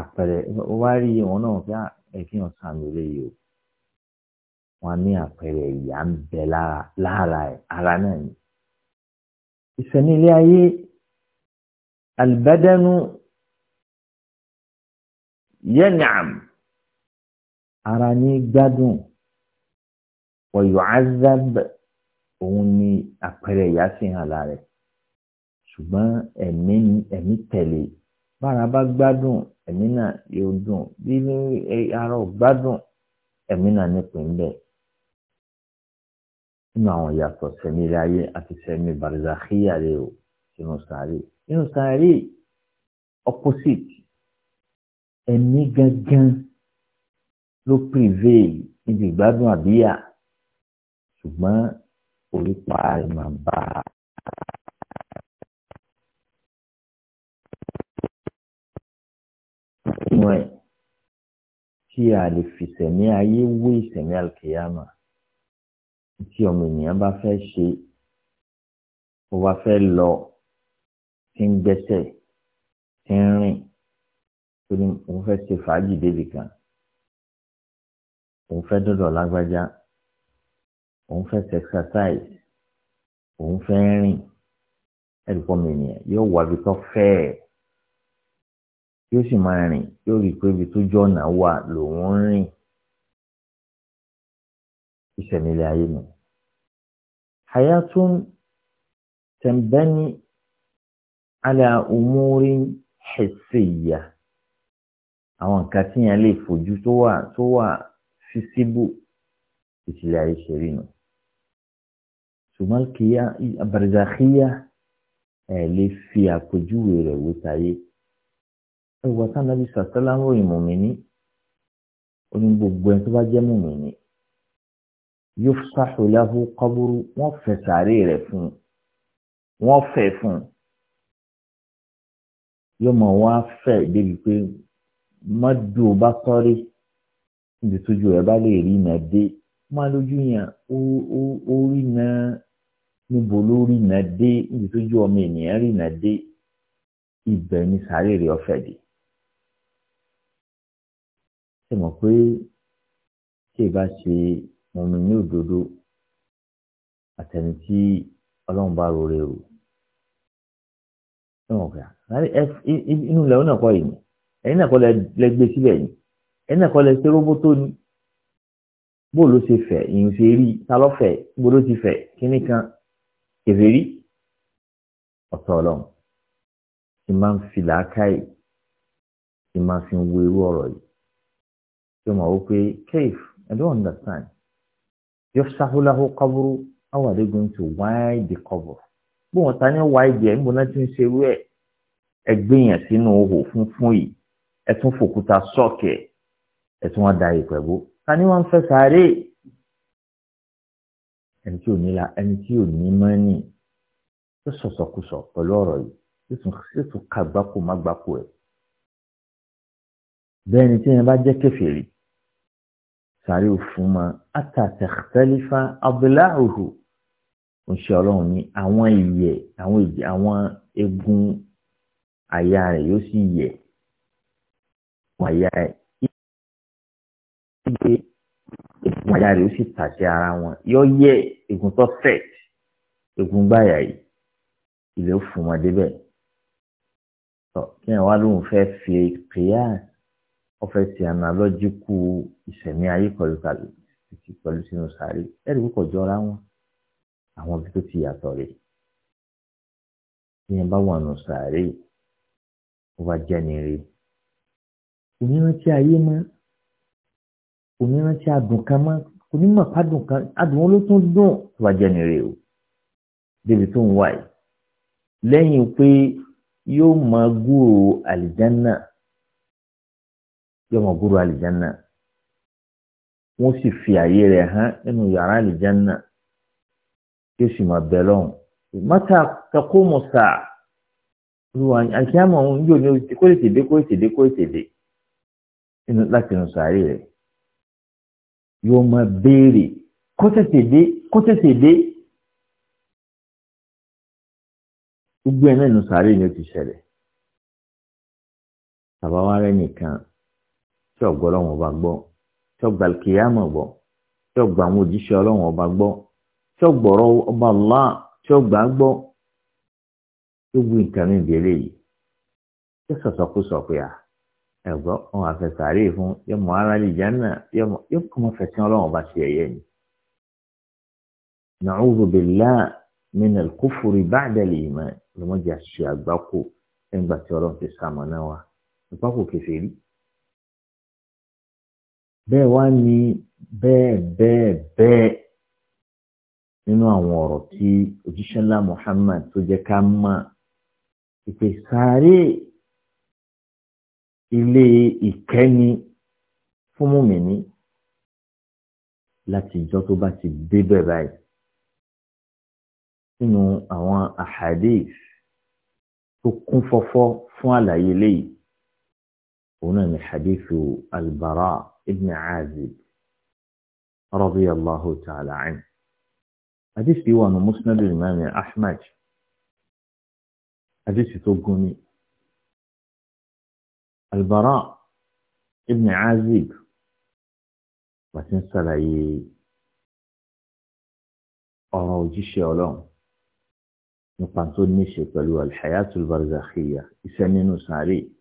Speaker 2: àpẹẹrẹ wá rí wọn náà bí ẹ̀kí hàn sàmì léyìí o wọn ní àpẹẹrẹ ìyá
Speaker 3: ń bẹ lára lára ara náà ni. ìsẹ̀ni ayé albadanu yanam ara ní gbádùn wọ̀yọ̀
Speaker 2: azab òun ni àpẹẹrẹ ìyá sì hàn lára ẹ̀ ṣùgbọ́n ẹ̀mí ẹ̀mí tẹ̀lé bára bá gbádùn ẹ̀mí náà yóò dùn bí ara ò gbádùn ẹ̀mí náà nípìn bẹ́ẹ̀ nínú àwọn ìyàtọ̀ sẹ́mi ilé ayé àti sẹ́mi barzakhiya rẹ o sínú sàárè nínú sàárè opposite ẹ̀mí gangan ló prevail níbi ìgbádùn àbíyà
Speaker 3: ṣùgbọ́n orí pa àìmọ̀ bá a. fún ẹ̀
Speaker 2: tí a lè fi sẹ̀mí ayé wé ìsẹ̀mí àlùkìyàmà tí ọmọ ènìyàn bá fẹ́ ṣe bó bá fẹ́ lọ tí ń gbẹ́sẹ̀ tí ń rìn tó ní òun fẹ́ ṣe fàájì débi kan òun fẹ́ dọ̀dọ̀ lágbájá òun fẹ́ ṣe exercise òun fẹ́ rìn ẹ̀dùkọ́ mi nìyẹn yóò wá bí tó fẹ́ ẹ̀ yóò sì máa rìn yóò rí i pé ibi tójú
Speaker 3: ọ̀nà wà lòun ń rìn ìṣẹ̀nilẹ̀ ayé mi. hayatun tẹ̀m̀bẹ́ni
Speaker 2: ala umuri hẹ̀sẹ̀yà àwọn nǹkan tí yẹn lè fojú tó wà tó wà físíbù ìṣẹ̀lẹ̀ ayé ṣe rí nù. ṣùgbọ́n kìí abàrìdàkìyà ẹ̀ lè fi àpèjúwe rẹ̀ wé ẹwà tánàbí sàtẹ́láńrò ìmùmíní oní gbogbo ẹni tó bá jẹ́ mùmíní yufsahu lahu qaburu wọ́n fẹ̀ sàárè rẹ̀ fún wọ́n fẹ̀ fún yóò mọ̀ wá fẹ̀ débi pé mọ́dù bá sọ́rí níbi tójú ẹ̀ bá lè rí iná dé máa lójú yẹn ó rí iná níbo ló rí iná dé níbi tójú ọmọ ènìyàn rí iná dé ibẹ̀ ni sàárè rẹ̀ ọ̀fẹ́ dé ṣe mọ̀ pé tí ì bá ṣe mọ̀mí ní òdodo àtẹni tí ọlọ́run bá rore o ṣe mọ̀ pé inú ilẹ̀ ọ̀nà kọ́ yìí ẹ̀yin náà kọ́ lẹ gbé sílẹ̀ yìí ẹ̀yin náà kọ́ lẹ ṣe róbótó ni bóò ló ṣe fẹ̀ ìyìn ṣe rí ta ló ti fẹ̀ kíní kan kèfèrí ọ̀tọ̀ ọlọ́run ti máa ń fi làákàyè ti máa fi ń wo irú ọ̀rọ̀ yìí yóò mọ̀ wó pé cave I don't understand yafsahu lahu qabru how are they going to wide the cover bó wọn ta ní wide ẹ̀ ń bọ̀ náà ti ń ṣe irú ẹ̀ ẹ gbìyàn sínú òhò funfun yìí ẹ tún fòkúta sọ́ọ̀kì ẹ tún wọn da ìpẹ́ bó ta ni wọ́n ń fẹ́ sáré ẹni tí ò ní la ẹni tí ò ní mọ́nì tó sọ̀sọ̀kùsọ̀ pẹ̀lú ọ̀rọ̀ yìí tó tún ka gbáko má gbáko ẹ̀ bẹ́ẹ̀ ni tí yẹn bá jẹ́ kèfèrí sàárè òfun ma àtàtàkítẹ́lífà abduláhùhù oṣù ọlọ́run ní àwọn ìyẹ̀ àwọn ìdí àwọn egun àyà rẹ̀ yóò sì yẹ̀ wọ́n àyà rẹ̀ ìgbé egun àyà rẹ̀ yóò sì tà sí ara wọn yọ yẹ egun tó fẹ̀ egun gbàyà yìí ilé òfun ma débẹ̀ kí ni wàá lóun fẹ́ fi kìíyà ọfẹ ṣe analọjíkù ìṣẹ̀mí ayé pẹ̀lú pẹ̀lú sínú sáré ẹrí púpọ̀ jọra wọn àwọn ibi tó ti yàtọ̀ rèé ìyẹn bá wà nù sáré ó bá jẹ nìire onírántí ayé mọ onírántí adùn kan mọ onímọ̀ pádùn kan adùn wọn ló tún dùn tó bá jẹ nìire o débi tó ń wà lẹ́yìn pé yóò máa gúrò àlìjánná yọmọ gúrú àlìjánná wọn sì fi àyè rẹ̀ hàn nínú yàrá àlìjánná yóò sì máa bẹ lọ́hùn mọ́tà kakó mọ́sà olùwà àkíyàmọ̀ òun yóò ní kó lè tèdè kó lè tèdè kó lè tèdè láti nù sàárè rẹ̀ yóò máa béèrè kó tètè dé
Speaker 3: kó tètè dé gbogbo ẹ̀ náà nù sàárè ni ó ti ṣẹlẹ̀ bàbá wa rẹ̀ nìkan
Speaker 2: tí ọgbọ Ọlọ́run ọba gbọ́ tí ọgbà kìyàmọ gbọ́ tí ọgbà àwọn òjíṣẹ́ Ọlọ́run ọba gbọ́ tí ọgbọrọ ọba ńlá tí ọgbà gbọ́ tó gbé nǹkan mi bèrè yìí tí sọsọkúsọ pé à ẹgbọ wọn àfẹsàárẹ fún yọmọ aráàlú ìjánà yọmọ yọkọ mọ fẹsẹ Ọlọ́run ọba ti ẹyẹ ni. na'udhu billah min al-kufri ba'da al-iman lọmọdé àṣìṣe àgbákò ẹgbàá tí Ọlọ́run ti sàmọ náà wá ìpákò kẹfẹ rí bẹ́ẹ̀ wá ní bẹ́ẹ̀ bẹ́ẹ̀ bẹ́ẹ̀ nínú àwọn ọ̀rọ̀ tí òjíṣẹ́lá Muhammad tó jẹ́ ká mọ̀ ìpè sáré ilé ìkẹ́ni fún mùmíní láti ìjọ tó bá ti débẹ̀ báyìí nínú àwọn ahadith tó kún fọ́fọ́ fún àlàyé léyìí òun náà ni hadithu albara. ابن عازب رضي الله تعالى عنه
Speaker 3: حديث ديوان مسند الإمام أحمد حديث توقوني البراء ابن عازب وتنسى لي
Speaker 2: أرى جيشي أولون نقطة نشي الحياة
Speaker 3: البرزخية إسانين ساري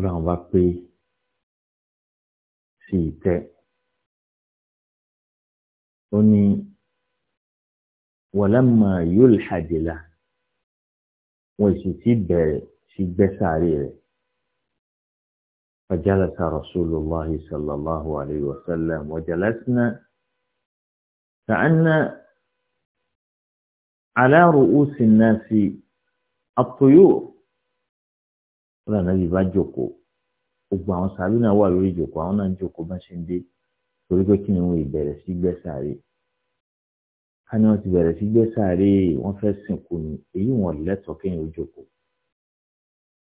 Speaker 3: ó láwọn bá pé sí ìtẹ́ ó ní wàlámà yóò lẹ́hàdìlà wọn sì ti
Speaker 2: bẹ̀rẹ̀ sí gbẹ́sàárì rẹ̀ فجلس رسول الله صلى الله عليه وسلم وجلسنا كأن على رؤوس الناس الطيور wọn lànà bí bá jòkó gbogbo àwọn sàárì náà wà lórí jòkó àwọn náà ń jòkó bá ṣe ń dé torí pé kí ni wọn ìbẹ̀rẹ̀ sí gbẹ́ sàárì ká ní wọn ti bẹ̀rẹ̀ sí gbẹ́ sàárì wọn fẹ́ sìnkú ni èyí wọn lẹ́tọ̀ọ́ kéèyàn ó jòkó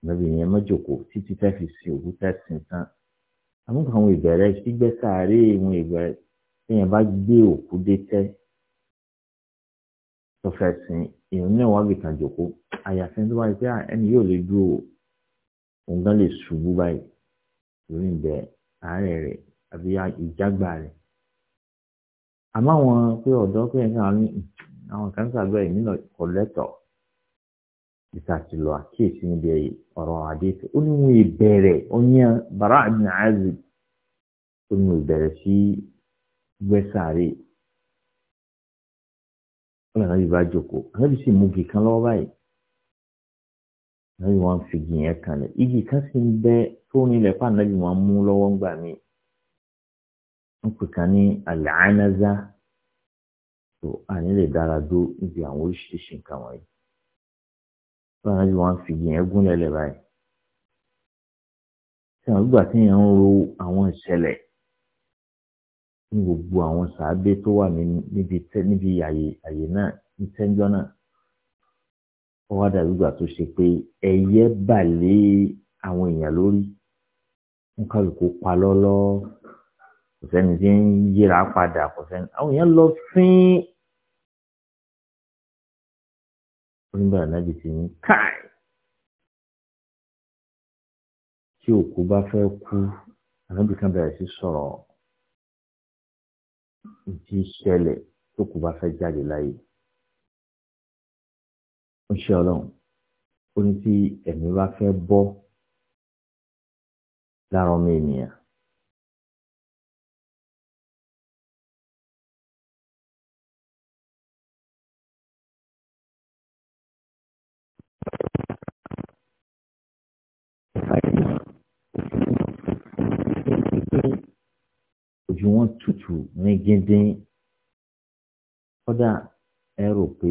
Speaker 2: nàbí yẹn má jòkó títí tá fi sin òkú tá sin tán àmọ́ àwọn ìbẹ̀rẹ̀ sí gbẹ́ sàárì wọn ìbẹ̀rẹ̀ téèyàn bá gbé òkú dé tẹ́ tó sin èèyàn náà wá nǹkan lè ṣubú báyìí lórí ìgbẹ́ àárẹ̀ rẹ̀ àbí ìjágbá rẹ̀ àmọ́ àwọn pé ọ̀dọ́ pé ẹ̀ka àwọn kan sàgbẹ́ ìmí kò lẹ́tọ̀ ìsàtìlọ àkíyèsí níbi ọ̀rọ̀ àdéhùn ó ní wọn ìbẹ̀rẹ̀ oyin bara ibn azib ó ní wọn ìbẹ̀rẹ̀ sí gbẹ́sàárè ọ̀nà ìbá jòkó àlẹ́bí sì mú gé kan báyìí nàbí wọn fi igi yẹn kan lẹ igi kan sì ń bẹ tó nílẹ̀ fún ànábì wọn mú lọ́wọ́ ńgbà mí wọn pè kan ní àlàánáza tó àní lè dára dó níbi àwọn oríṣiríṣi nǹkan wọ̀nyí fún ànábì wọn fi igi yẹn gúnlẹ̀ lẹ̀ báyìí tí àwọn gbà tí yẹn ń ro àwọn ìṣẹ̀lẹ̀ ní gbogbo àwọn sàábé tó wà níbi àyè náà ní tẹ́jọ́ náà ó wá dàbí ìgbà tó ṣe pé ẹyẹ bà lé àwọn èèyàn lórí ń kálukú pa lọ́lọ́ kò sẹ́ni tí ń yíra padà kò sẹ́ni àwọn èèyàn lọ fín
Speaker 3: oníbàrà nábì ti ní káì tí òkú bá fẹ́ kú ànábì kan bẹ̀rẹ̀ sí sọ̀rọ̀ ìdí ìṣẹ̀lẹ̀ tó kú bá fẹ́ jáde láyé ń ṣe ọlọ́run ó ní tí ẹ̀mí bá fẹ́ bọ́ lára ọmọ ènìyàn.
Speaker 2: ojú wọn tutù ní gíndín kódà ẹ rò pé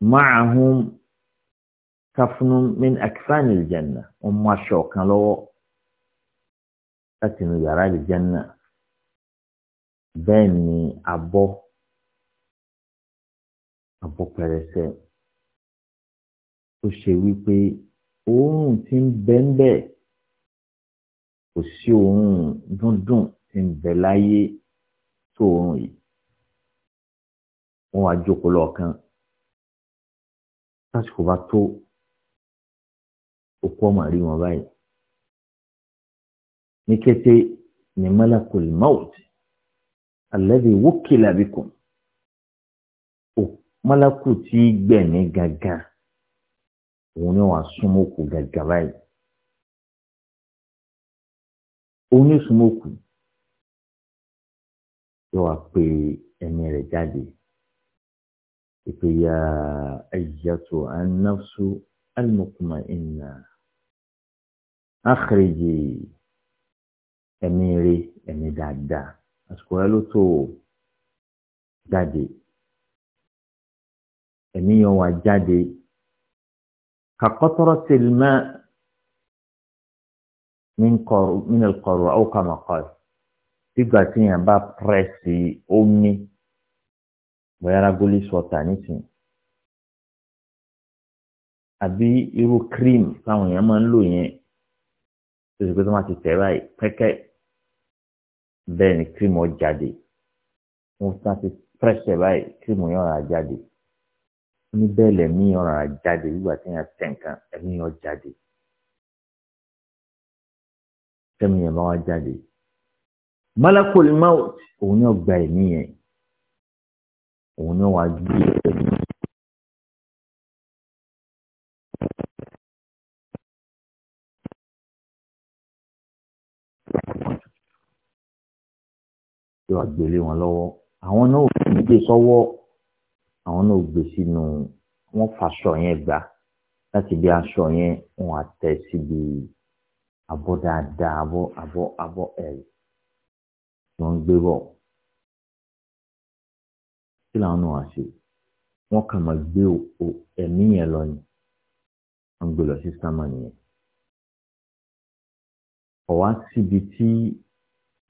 Speaker 2: معهم كفن من أكفان الجنة وما شوكا لو أتنو يرى الجنة
Speaker 3: بني أبو أبو pẹrẹsẹ ó ṣe wípé òórùn
Speaker 2: tí ń bẹ ń bẹ kò sí òórùn dúndùn tí ń bẹ láyé tó òórùn yìí wọn wá jókòó
Speaker 3: lọ́ọ̀kan tásìkò bá tó òkú ọmọ rí wọn báyìí ní kété ní malakul
Speaker 2: maut alladhi wukila bikum malaku tí gbẹ̀mí gangan òun ni wàá súnmọ́ òkú gangan
Speaker 3: báyìí òun ni súnmọ́ òkú yóò wá pé ẹ̀mí rẹ̀ jáde
Speaker 2: ìpè ya ayyatu an-nafsu al-mutma'inna akhriji ẹ̀mí rí ẹ̀mí dáadáa àsìkò rẹ ló tó jáde ẹ̀mí yẹn wà jáde ka qatrati al-ma' min al-qurra tí yẹn bá pẹ́ẹ́sì omi bóyá ragoli sọta nísìnyí àbí irú cream táwọn èèyàn máa ń lò yẹn tó ṣe pé tó máa ti tẹ̀ báyìí pẹ́kẹ́ bẹ́ẹ̀ ni cream ọ jáde wọ́n tún ti pẹ́ṣẹ̀ báyìí cream yẹn ọ̀rà jáde ní bẹ́ẹ̀ lẹ́mí ọ̀rà jáde nígbà tí yẹn tẹ̀ nǹkan ẹ̀mí yẹn jáde tẹ́mi yẹn bá wá jáde
Speaker 3: malakul maut òun yóò gba ẹ̀mí yẹn òun ni wàá gbé ẹ̀mí. tí wàá gbélé wọn lọ́wọ́ àwọn náà ò fi gbé sọ́wọ́
Speaker 2: àwọn náà ò gbé sínú wọn fàṣọ yẹn gbà láti bí aṣọ yẹn wọn àtẹ síbi abọ́ dáadáa abọ́ abọ́ abọ́ ẹ̀ tí ń gbé bọ̀ làwọn náà wá ṣe wọ́n kàn máa gbé ẹ̀mí yẹn lọ ni wọ́n gbé lọ sí sámà nìyẹn. ọ̀wá síbi tí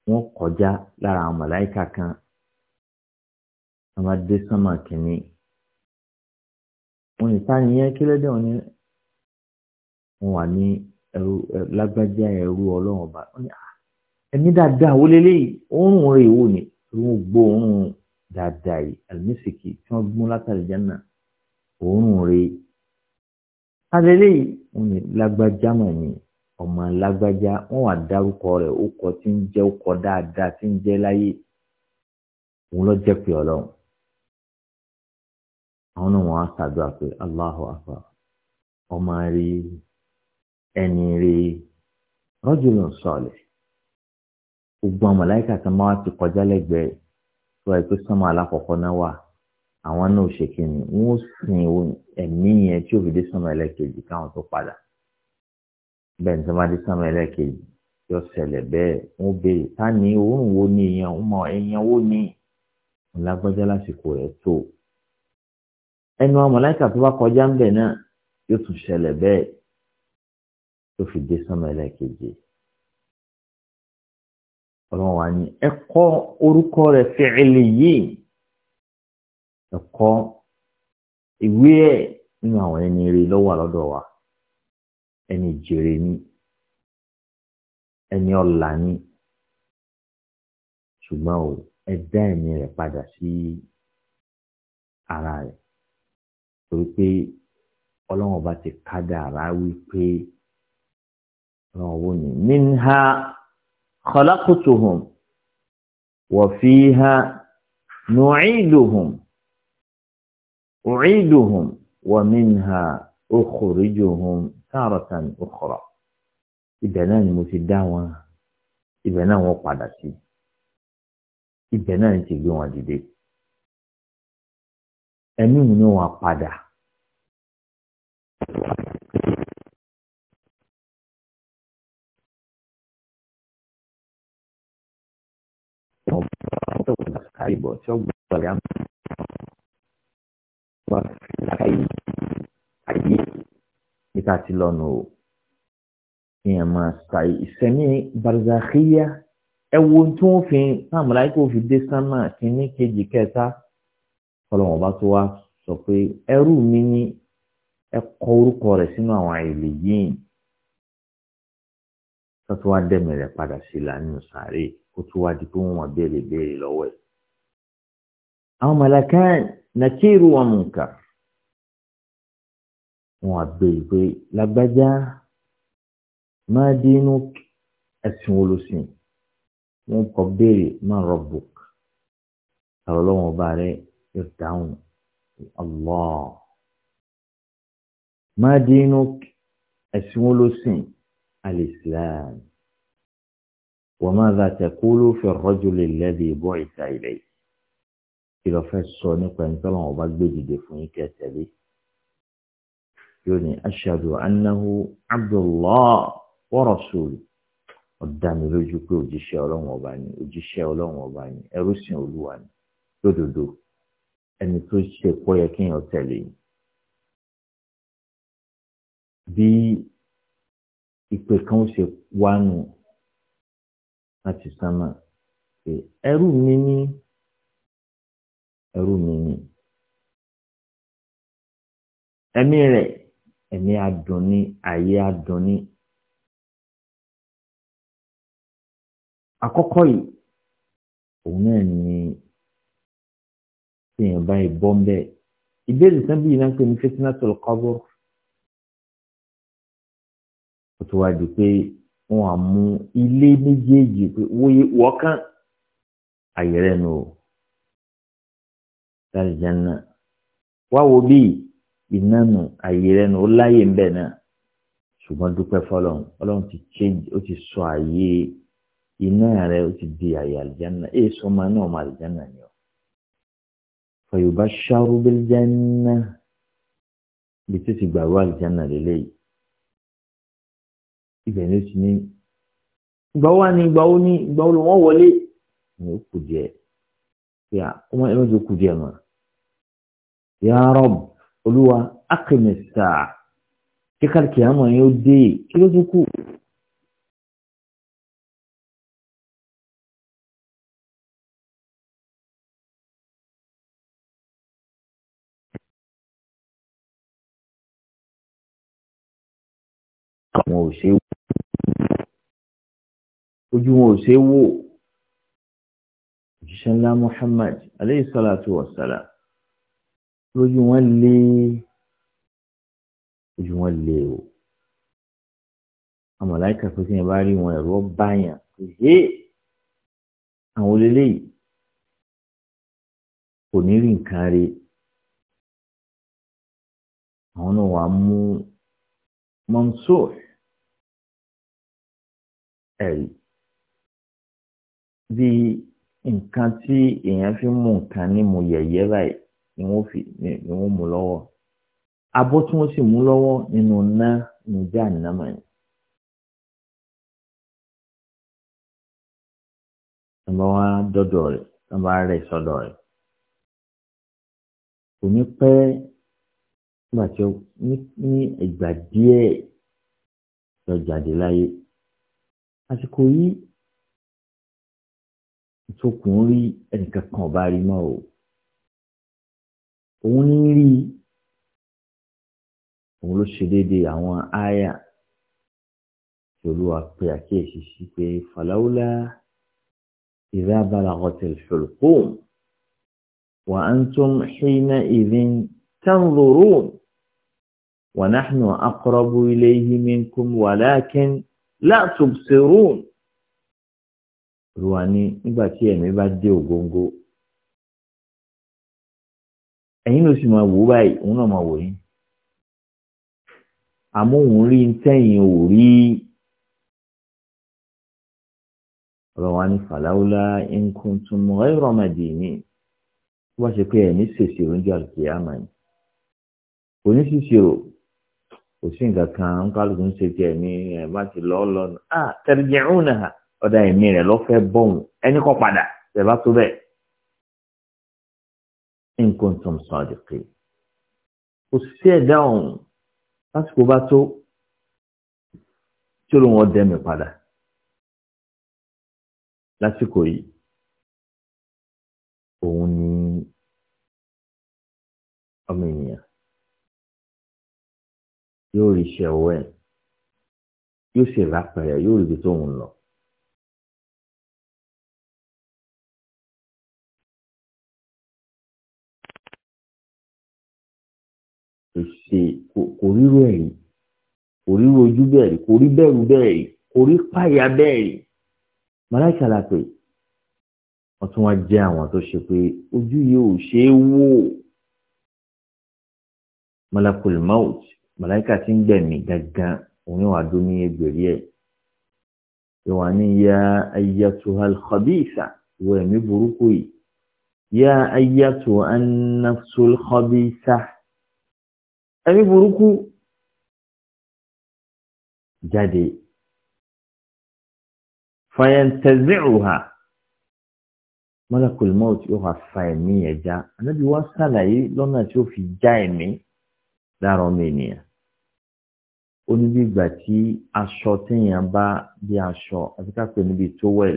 Speaker 2: wọ́n kọjá lára àwọn màláìka kan wọ́n máa dé sámà kìíní. wọ́n ní sáà nìyẹn kí lóde wọ́n ní wọ́n wà ní ẹrú lágbájá ẹrú ọlọ́run ọba ah, ẹ̀mí dáadáa wọlé léyìí òórùn rẹ̀ wò ni òórùn gbó òórùn. dáadáa yìí àlùmísìkì tí wọ́n mú látàrí jẹ́nà òórùn rẹ̀ alẹ́lẹ́ yìí wọ́n ní lágbájá mọ̀ ní ọmọ lágbájá wọ́n wà dárúkọ rẹ̀ ó tí ń jẹ́ ó dáadáa tí ń jẹ́ láyé òun lọ pé àwọn náà á pé ọmọ ẹni tó wáyé pé sánmà alákọ̀ọ́kọ́ náà wà àwọn náà ò ṣe kíni wọ́n ó sin ẹ̀mí yẹn tí òfin dé sánmà ẹlẹ́ẹ̀kejì káwọn tó padà bẹ́ẹ̀ ní dé sánmà ẹlẹ́ẹ̀kejì yóò ṣẹlẹ̀ bẹ́ẹ̀ wọ́n béèrè ta ni òórùn wo ni èèyàn mọ èèyàn wo ni ńlágbájá lásìkò rẹ̀ tó ẹnu àmọ̀láìkà tó bá kọjá ńbẹ̀ náà yóò tún ṣẹlẹ̀ bẹ́ẹ̀ tó fi dé sánmà ẹlẹ́ẹ̀kejì ọlọ́run wa ní ẹ̀kọ́ orúkọ rẹ̀ fẹ́ẹ́lì yìí ẹ̀kọ́ ìwé ẹ̀ nínú àwọn ẹni rè lọ́wọ́ àlọ́dọ̀ wa ẹni jèrè ni ẹni ọ̀la ni ṣùgbọ́n o ẹ ẹ̀mí rẹ̀ padà sí ara rẹ̀ torí pé ọlọ́run ọba ti kádàrá wípé ọlọ́run ò ní minha khalaqtuhum wa fiha nu'iduhum u'iduhum wa minha ukhrijuhum taratan ukhra ibẹ̀ náà ni mo ti dá wọn ibẹ̀ náà wọ́n padà sí
Speaker 3: ibẹ̀ náà ni ti gbé wọn dìde ẹ̀mí mi ni wọ́n padà. ọ̀pọ̀ làkàyè bọ̀ tí ọ̀gbọ̀n gbàgbé àmọ́
Speaker 2: wà làkàyè àyè níta ti lọ́nu o èèyàn máa sa ìsẹ́mi barzakhiya ẹ wo tí wọ́n fi pàmòlá kó fi dé sánmà kínní kejì kẹta kọlọ́wọ́n bá tó wá sọ pé ẹrú mi ní ẹ kọ orúkọ rẹ̀ sínú àwọn àìlè yìí tó tó wá dẹ̀mẹ̀rẹ̀ padà sí lánàá sáré ó tún wá di pé wọ́n máa béèrè béèrè lọ́wọ́ ẹ̀. àwọn màláíkà nàkírù wọn mùnkà wọn á béèrè pé lágbájá máa dín inú ẹ̀sìn olùsìn wọn kọ béèrè máa rabbuk àwọn ọlọ́wọ́n ọba rẹ̀ yóò dáhùn Allah máa dín ẹ̀sìn olùsìn alìsílámù. وماذا تقول في الرجل الذي بعث إليه kí ló fẹ́ sọ nípa ẹni tọ́lọ́ wọn bá gbé dìde fún yín kẹ́ tẹ̀lé yóò ní ashhadu annahu abdullah wa rasul ọ̀dà mi lójú pé òjíṣẹ́ ọlọ́run ọba ni òjíṣẹ́ ọlọ́run ọba ni ẹrú sìn olúwa ni lódodo ẹni tó ṣe pọ́ yẹ
Speaker 3: kéèyàn tẹ̀lé yìí. bí ìpè kan ṣe wánu láti sánmà pé ẹrú mi ní ẹrú mi ní ẹ̀mí rẹ̀ ẹ̀mí adùn ní ayé adùn ní. àkọ́kọ́ yìí òun náà ni èèyàn báyìí bọ́
Speaker 2: ìbéèrè sábì yìí náà pé ní fẹ́tínà tó lọ kọ́ ó ti wá di pé wọn à mú ilé méjèèjì pé wọ́yé wọ́kàn àyẹ̀rẹ́ nu o láti jẹ́nà wá wo bí iná nu àyẹ̀rẹ́ nu ó láyè ń bẹ̀ náà ṣùgbọ́n dúpẹ́ fọlọ́run ọlọ́run ti change ó ti sọ àyè iná rẹ ó ti di àyè àlìjánà èyí sọmọ náà ọmọ àlìjánà ni ọ. fọyọ̀bá ṣàrú bẹ́lẹ̀ jẹ́nà bí tó ti gbàgbọ́ àlìjánà lélẹ́yìí ibẹ̀ ló ti ní
Speaker 3: ìgbà wo wà ní ìgbà wo ní ìgbà wo ló wọ́n wọlé
Speaker 2: ní ó kù díẹ̀ yà ọmọ ẹ̀ lọ́jọ́ kù díẹ̀ mọ́
Speaker 3: yà olúwa akẹ́mẹ̀sà kíkàlùkì àmọ́ yẹn ó dé kí ló tún kù. àwọn òṣèlú ojú wọn ò ṣe é wò
Speaker 2: òṣìṣẹ́ ńlá Muhammad aleyhi salatu wa salam lójú wọn lé ojú wọn lé o àmàláìka pé tí yẹn bá rí wọn ẹ̀rọ báyàn pé hé
Speaker 3: àwọn olélẹ́yìí kò ní rí nǹkan rí àwọn náà wàá mú Mansur ẹ̀rí bí
Speaker 2: nǹkan tí èèyàn fi mú nǹkan ní mo yẹ̀yẹ́ báyìí ni wọ́n fi ni
Speaker 3: wọ́n mú lọ́wọ́ abọ́ tí wọ́n sì mú lọ́wọ́ nínú ná ní jáànínámà ni. tọ́ba wá dọ́dọ̀ rẹ̀ tọ́ba rẹ̀ sọ́dọ̀ rẹ̀ kò ní
Speaker 2: pẹ́ nígbà tí ó ní ìgbà díẹ̀ lọ jáde láyé àsìkò yìí. tókùn rí ẹnìkan kan ọba rí mọ́ o òun ní rí òun ló ṣe déédéé àwọn àyà tí olúwa pe àkíyèsí sí pé falawla idha balaghatil hulqum wa antum hina'idh tanzurun wa nahnu aqrabu ilayhi minkum
Speaker 3: walakin la tubsirun.
Speaker 2: olùwà ni nígbà tí ẹ̀mí bá dé ògóńgó ẹ̀yin ló sì máa wò báyìí òun náà máa wò yín àmọ́ òun rí tẹ́yìn ò rí ọlọ́wà ní fàlàúlà ìkùntùmọ̀ ẹ̀rọ màdìní wọ́n ṣe pé ẹ̀mí ṣèṣe oúnjẹ àlùkìyàmà ni oníṣìṣirò kò sí nǹkan kan kálukú ń ṣe tiẹ̀ ní ẹ̀ bá ti lọ́ọ́ lọ́nà ah tẹ̀lé jẹ̀rún náà ọ̀dà ẹ̀mí rẹ̀ lọ́fẹ́ bọ̀hùn ẹni kọ́ padà tẹ̀ bá tó bẹ́ẹ̀. in kuntum sadiqin kò sí ẹ̀dá ọ̀hún lásìkò bá tó
Speaker 3: tí olóhùn ọdẹ mi padà lásìkò yìí òun ni ọmọ ènìyàn yóò rí iṣẹ́ ọwọ́ ẹ̀ yóò sì rápẹ̀rẹ̀ yóò rí ibi tó ń lọ. ṣe kò ríro ẹ̀rí kò ríro ojú bẹ́ẹ̀ rí
Speaker 2: kò rí bẹ̀rù bẹ́ẹ̀ rí kò rí páyà bẹ́ẹ̀ rí màláìka la pè wọ́n tún wá jẹ́ àwọn tó ṣe pé ojú yìí ò ṣe é wò malakul maut màláìka ti ń gbẹ̀mí gangan òun yóò wá dún ní egbèrè ẹ̀ ìwà ni ya ayyatuhal khabisa wọ ẹ̀mí burúkú yìí ya ayyatu an khabisa
Speaker 3: ẹ̀mí burúkú jáde fàyẹ̀ntẹ̀zẹ̀hùhà
Speaker 2: malakul maut yóò wá fa ẹ̀mí yẹn já anábì wá sàlàyé lọ́nà tí ó fi já ẹ̀mí lára ọmọ ènìyàn ó ní bí ìgbà tí aṣọ téèyàn bá bí aṣọ àti kápẹ́ níbi tówẹ́l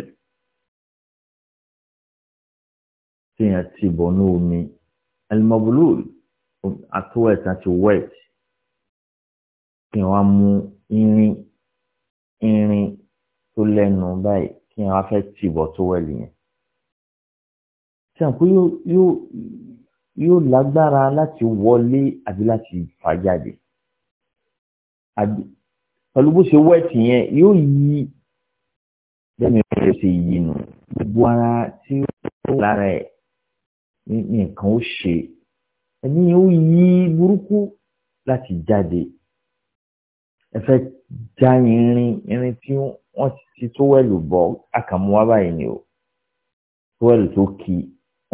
Speaker 2: téèyàn ti bọ̀ ní omi elmobulul. Atuwe tán ti wet kí wọ́n mú irin irin tó lẹ́nu báyìí kí wọ́n fẹ́ tìbọ̀ tó wẹ̀lì yẹn. sàǹkú yóò yóò yóò lágbára láti wọlé àbí láti fà jáde àbí pẹ̀lú bó ṣe wẹ́ẹ̀tì yẹn yóò yí bẹ́ẹ̀ni ó ṣe yí nù gbogbo ara tí ó lára ẹ̀ ní nǹkan ó ṣe ẹ̀yin ó yí burúkú láti jáde ẹ fẹ́ já irin irin tí wọ́n ti tówẹ́lù bọ̀ àkàmúwá báyìí ni o tówẹ́lù tó kí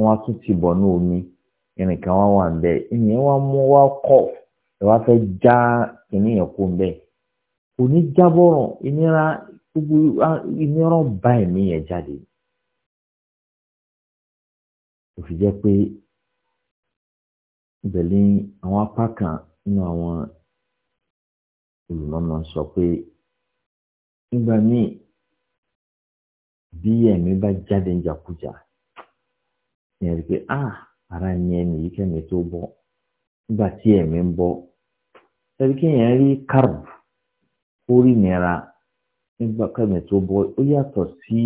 Speaker 2: wọ́n á tún ti bọ̀ ní omi irin kan wá wà ń bẹ́ẹ̀ ìyẹn wá mú wá kọ̀ ẹ wá fẹ́ já kìnìún yẹn kó ń bẹ́ẹ̀ kò ní jábọ̀rọ̀ ìnira gbogbo ìnira bá ẹ̀mí yẹn jáde
Speaker 3: òfin jẹ́ pé berlin ní àwọn apá kan nínú àwọn olùmọ̀mọ́ sọ pé
Speaker 2: nígbà míì bí ẹ̀mí bá jáde ń rí a ah, ara yẹn nìyí kẹ́mi tó bọ́ nígbà tí ẹ̀mí ń bọ́ ẹ̀rí rí kárù ó rí nira nígbà kẹ́mi tó bọ́ ó yàtọ̀ sí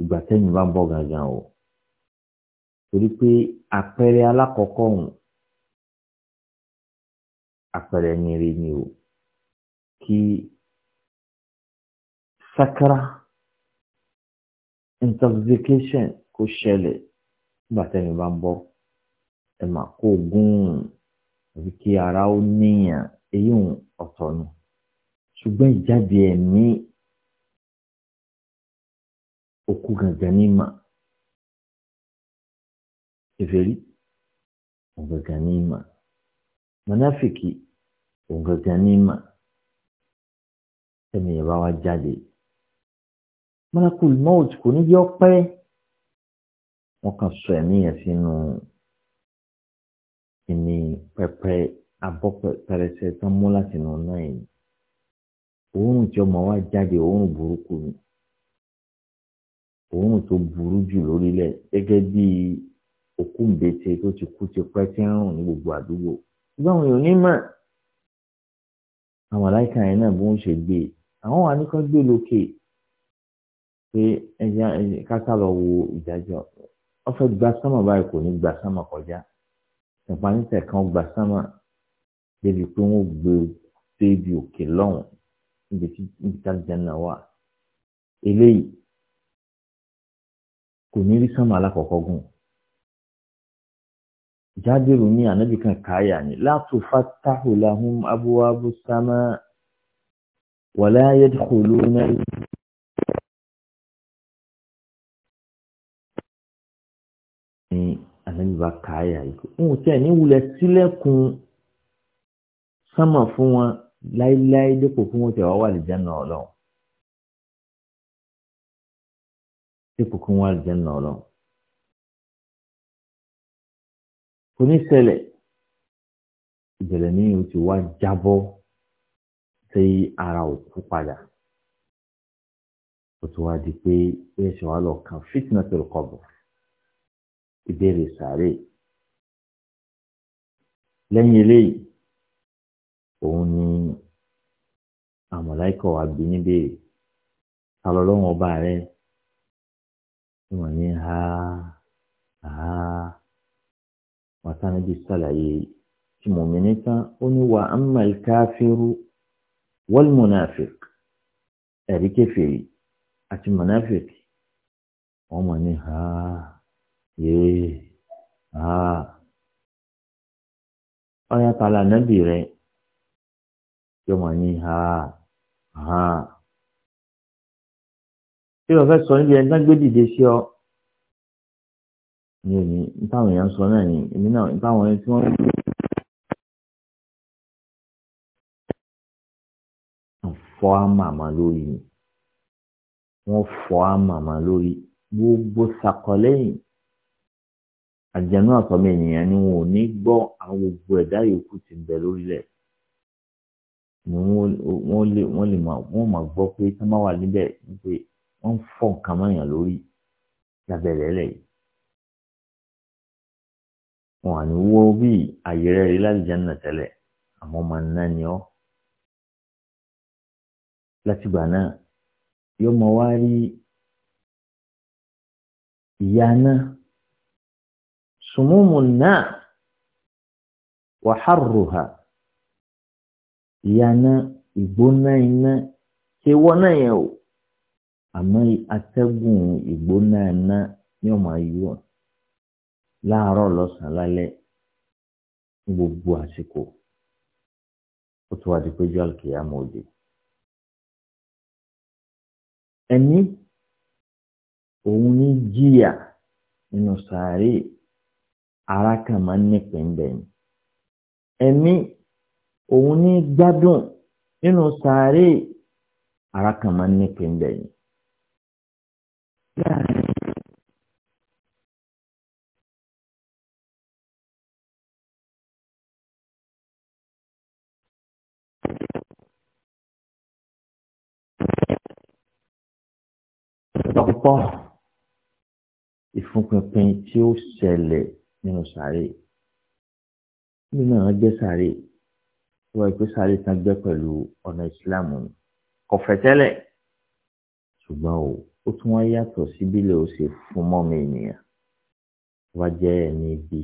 Speaker 2: ìgbà tẹ́mi bá ń bọ́
Speaker 3: gangan o torí pé àpẹẹrẹ alákọ̀ọ́kọ́ àpẹẹrẹ ní rí ni o kí sakara intoxication
Speaker 2: kó ṣẹlẹ̀ nígbà tẹ́mi bá ń bọ́ ẹ mà kó gún àbí kí ara ó níyàn èyí ń ọ̀tọ̀ ṣùgbọ́n
Speaker 3: ìjáde ẹ̀mí òkú gàngàn ní mà ìfèrí ògàngàn ní mà mọ̀náfìkì òun gangan ní ma
Speaker 2: ẹni ìyàbá wa jáde malakul mọ́ọ̀tì kò ní jẹ́ ọpẹ́ wọ́n kàn sọ ẹ̀mí yẹn sínú ìní pẹpẹ abọ́ pẹrẹsẹ tán mú láti nù náà yìí òórùn tí ọmọ wa jáde òórùn burúkú ni òórùn tó burú jù lórílẹ̀ gẹ́gẹ́ bí òkú ńbẹ́tẹ tó ti kú ti pẹ́ tí ń rùn ní gbogbo àdúgbò ṣùgbọ́n àwọn èèyàn onímọ̀ àwọn aláìka yẹn náà bí wọ́n ṣe gbé e. àwọn wà ní kan gbé lókè pé ẹja káká lọ wo ìdájọ́ ọfẹ́ gba sámà báyìí kò ní gba sámà kọjá ìpànìtẹ̀ kan gba sámà débi pé wọ́n gbé e débi òkè lọ́hùn níbi tí ìtajà wà eléyìí kò ní rí sámà alákọ̀ọ́kọ́ gùn jábìrù ní ànábì kan káyà ni látòfà táhùláhùn abúwábù sámá
Speaker 3: wàlá yẹ́dìkòló náà. ní ànábì bá káyà yìí n ò tẹ́ ní wulẹ̀
Speaker 2: sílẹ̀kùn sámà fún wọn láíláí dípò fún wọn tẹ̀ wá wà
Speaker 3: lìjẹ́ náà lọ. dípò fún wọn wà lìjẹ́ náà lọ. kò ní ṣẹlẹ̀ ìṣẹ̀lẹ̀ ní o ti wá jábọ́ sí ara òkú
Speaker 2: padà o ti wá di pé ẹ̀ṣẹ̀ wa lọ kan fitnatul qabr ìbéèrè sàárè lẹ́yìn eléyìí òun ni àmọ̀láìkọ̀ wa bí níbèrè ta ọba rẹ̀ ìwọ̀n ní ha ha wọn sáré bí sàlàyé tí mùmíní tán ó ní wa amal káfíru wal munafik ẹ̀rí kẹfìrí àti munafik wọ́n mọ̀ ní ha yéé ha ọ̀yà tààlà nàbì rẹ̀ yọ mọ̀ ní ha ha. tí wọ́n fẹ́ sọ níbi ẹni tán gbé dìde sí ọ
Speaker 3: ní èmi táwọn àmàmà lórí ni wọ́n fọ́ àmàmà lórí gbogbo
Speaker 2: sàkọlẹ́yìn àjẹnú àtọ́mọ ènìyàn ni wọn ò ní gbọ́ àwọn gbogbo ẹ̀dá yòókù tí ń bẹ lórílẹ̀ ni wọ́n lè wọ́n lè máa wọ́n máa gbọ́ pé tá má wà níbẹ̀ wípé wọ́n ń fọ́ nǹkan mọ́yàn lórí
Speaker 3: lábẹ́rẹ́ lẹ́yìn wọn à ní wó bí àyè rẹ̀ rí lálìjáná tẹ́lẹ̀ àmọ́ máa ná ni ọ́. náà yóò mọ wá rí ìyá náà sùmùmù náà wàhárùhà ìyá náà ìgbóná iná
Speaker 2: ṣe náà yẹn o àmọ́ atẹ́gùn ìgbóná iná yóò máa yọ. láàárọ̀ lọ́sàn-án lálẹ́
Speaker 3: gbogbo àsìkò ó tún wá di pé jọ́ òde. ẹni òun ní jìyà
Speaker 2: nínú sàárè ara kan máa ń ni ẹ̀mí òun ní gbádùn nínú sàárè
Speaker 3: ara kan máa ń àkọ́kọ́ ìfúnpinpin tí ó ṣẹlẹ̀ nínú sàárè
Speaker 2: nínú àwọn jẹ́ sàárè tí wọ́n pè sàárè tán gbẹ́ pẹ̀lú ọ̀nà ìsìláàmù kọ̀fẹ́tẹ́lẹ̀ ṣùgbọ́n o ó tún wá yàtọ̀ sí bílẹ̀ ó ṣe fún mọ́mí ènìyàn wá jẹ́ ẹni ibi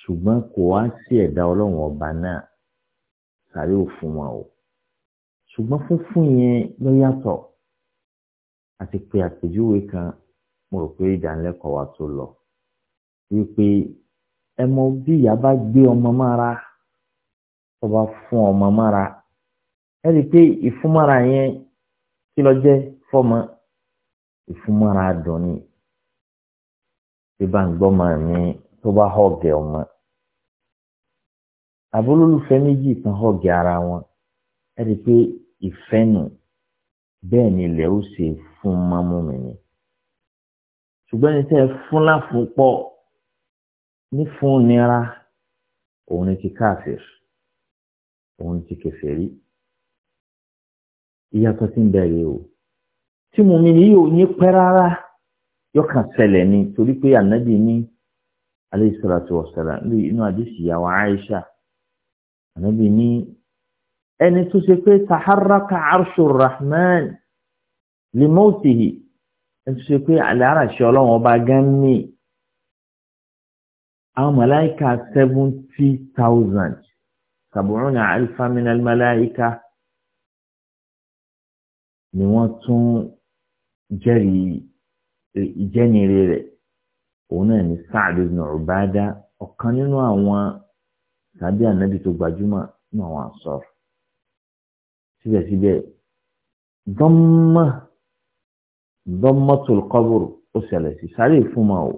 Speaker 2: ṣùgbọ́n kò wá sí ẹ̀dá ọlọ́run ọba náà sàárè ò fún wọn o ṣùgbọ́n fúnfún yẹn ló yàtọ̀. àti pé àpèjúwe kan mo rò pé ìdánilẹ́kọ̀ọ́ wa tó lọ wípé ẹ mọ bí ìyá bá gbé ọmọ mára tó bá fún ọmọ mára ẹ rí i pé ìfúnmára yẹn kí fọmọ ìfúnmára dùn ni bí bá ń gbọ́ máa ní tó ọmọ méjì ara wọn ẹ rí i bẹ́ẹ̀ ni ilẹ̀ ó ṣe fún mọ́múmìnì ṣùgbọ́n ní tẹ́ fún láfòpọ̀ ní fún nira òun ni ti káfíìr òun ni ti kèfèrí ìyàtọ̀ tí ń bẹ̀rẹ̀ o tí mo mi yìí ò ní pẹ́ rárá yọkàn ṣẹlẹ̀ ni torí pé ànábì ní aleyhi salatu wa salam inú àdìsí ìyàwó Aisha ànábì ní ẹni tó ṣe pé taharaka arṣu rahman limotihi ẹni tó ṣe pé àlàáràṣẹ ọlọ́run ọba gánmi àwọn mọ̀láìka seventy thousand sàbùrùnà alifamina mọ̀láìka ni wọ́n tún jẹ́rìí ìjẹ́nire rẹ̀ òun náà ní Sa'd ibn ọ̀kan nínú àwọn tàbí ànábì tó gbajúmọ̀ nínú àwọn àsọ̀rọ̀ síbẹ̀síbẹ̀ dọ́mà dọ́mà tó kọ́bùrù ó ṣẹlẹ̀ sí sáré fún ma o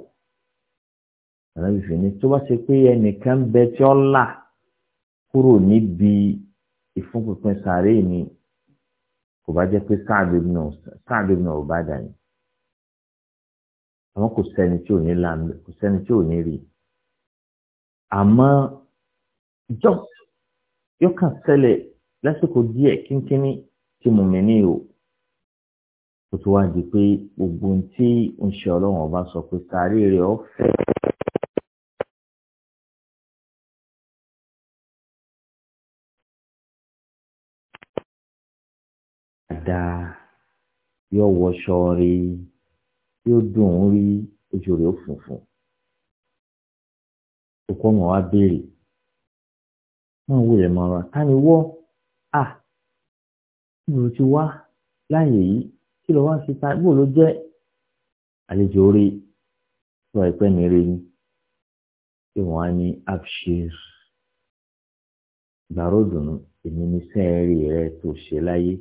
Speaker 2: ànábì fìní tó bá ṣe pé ẹnìkan bẹ tí ó là kúrò níbi ìfúnpinpin sáré mi kò bá jẹ́ pé sáàdì náà ò bá dà àwọn kò sẹ́ni tí ò ní là kò sẹ́ni tí ò ní rí àmọ́ just yóò kàn lásìkò díẹ̀ kínkínní tí mùmíní o ó ti wá di pé gbogbo tí ń
Speaker 3: ṣe ọlọ́run ọba sọ pé sàárè rẹ̀ ọ́ fẹ́. dáadáa yóò wọṣọ rí yóò dùn rí ojú rẹ̀ funfun òkú ọmọ wa béèrè wọn wúlẹ̀ mọ́ra ta ni
Speaker 2: mo ti wá láàyè yìí kí ló wá sí ta bó ló jẹ́ àlejò orí sọ ẹ̀pẹ́ mi rí ni pé wọ́n á ní abshir gbàró dùnú èmi ní sẹ́ẹ̀rì rẹ tó ṣe láyé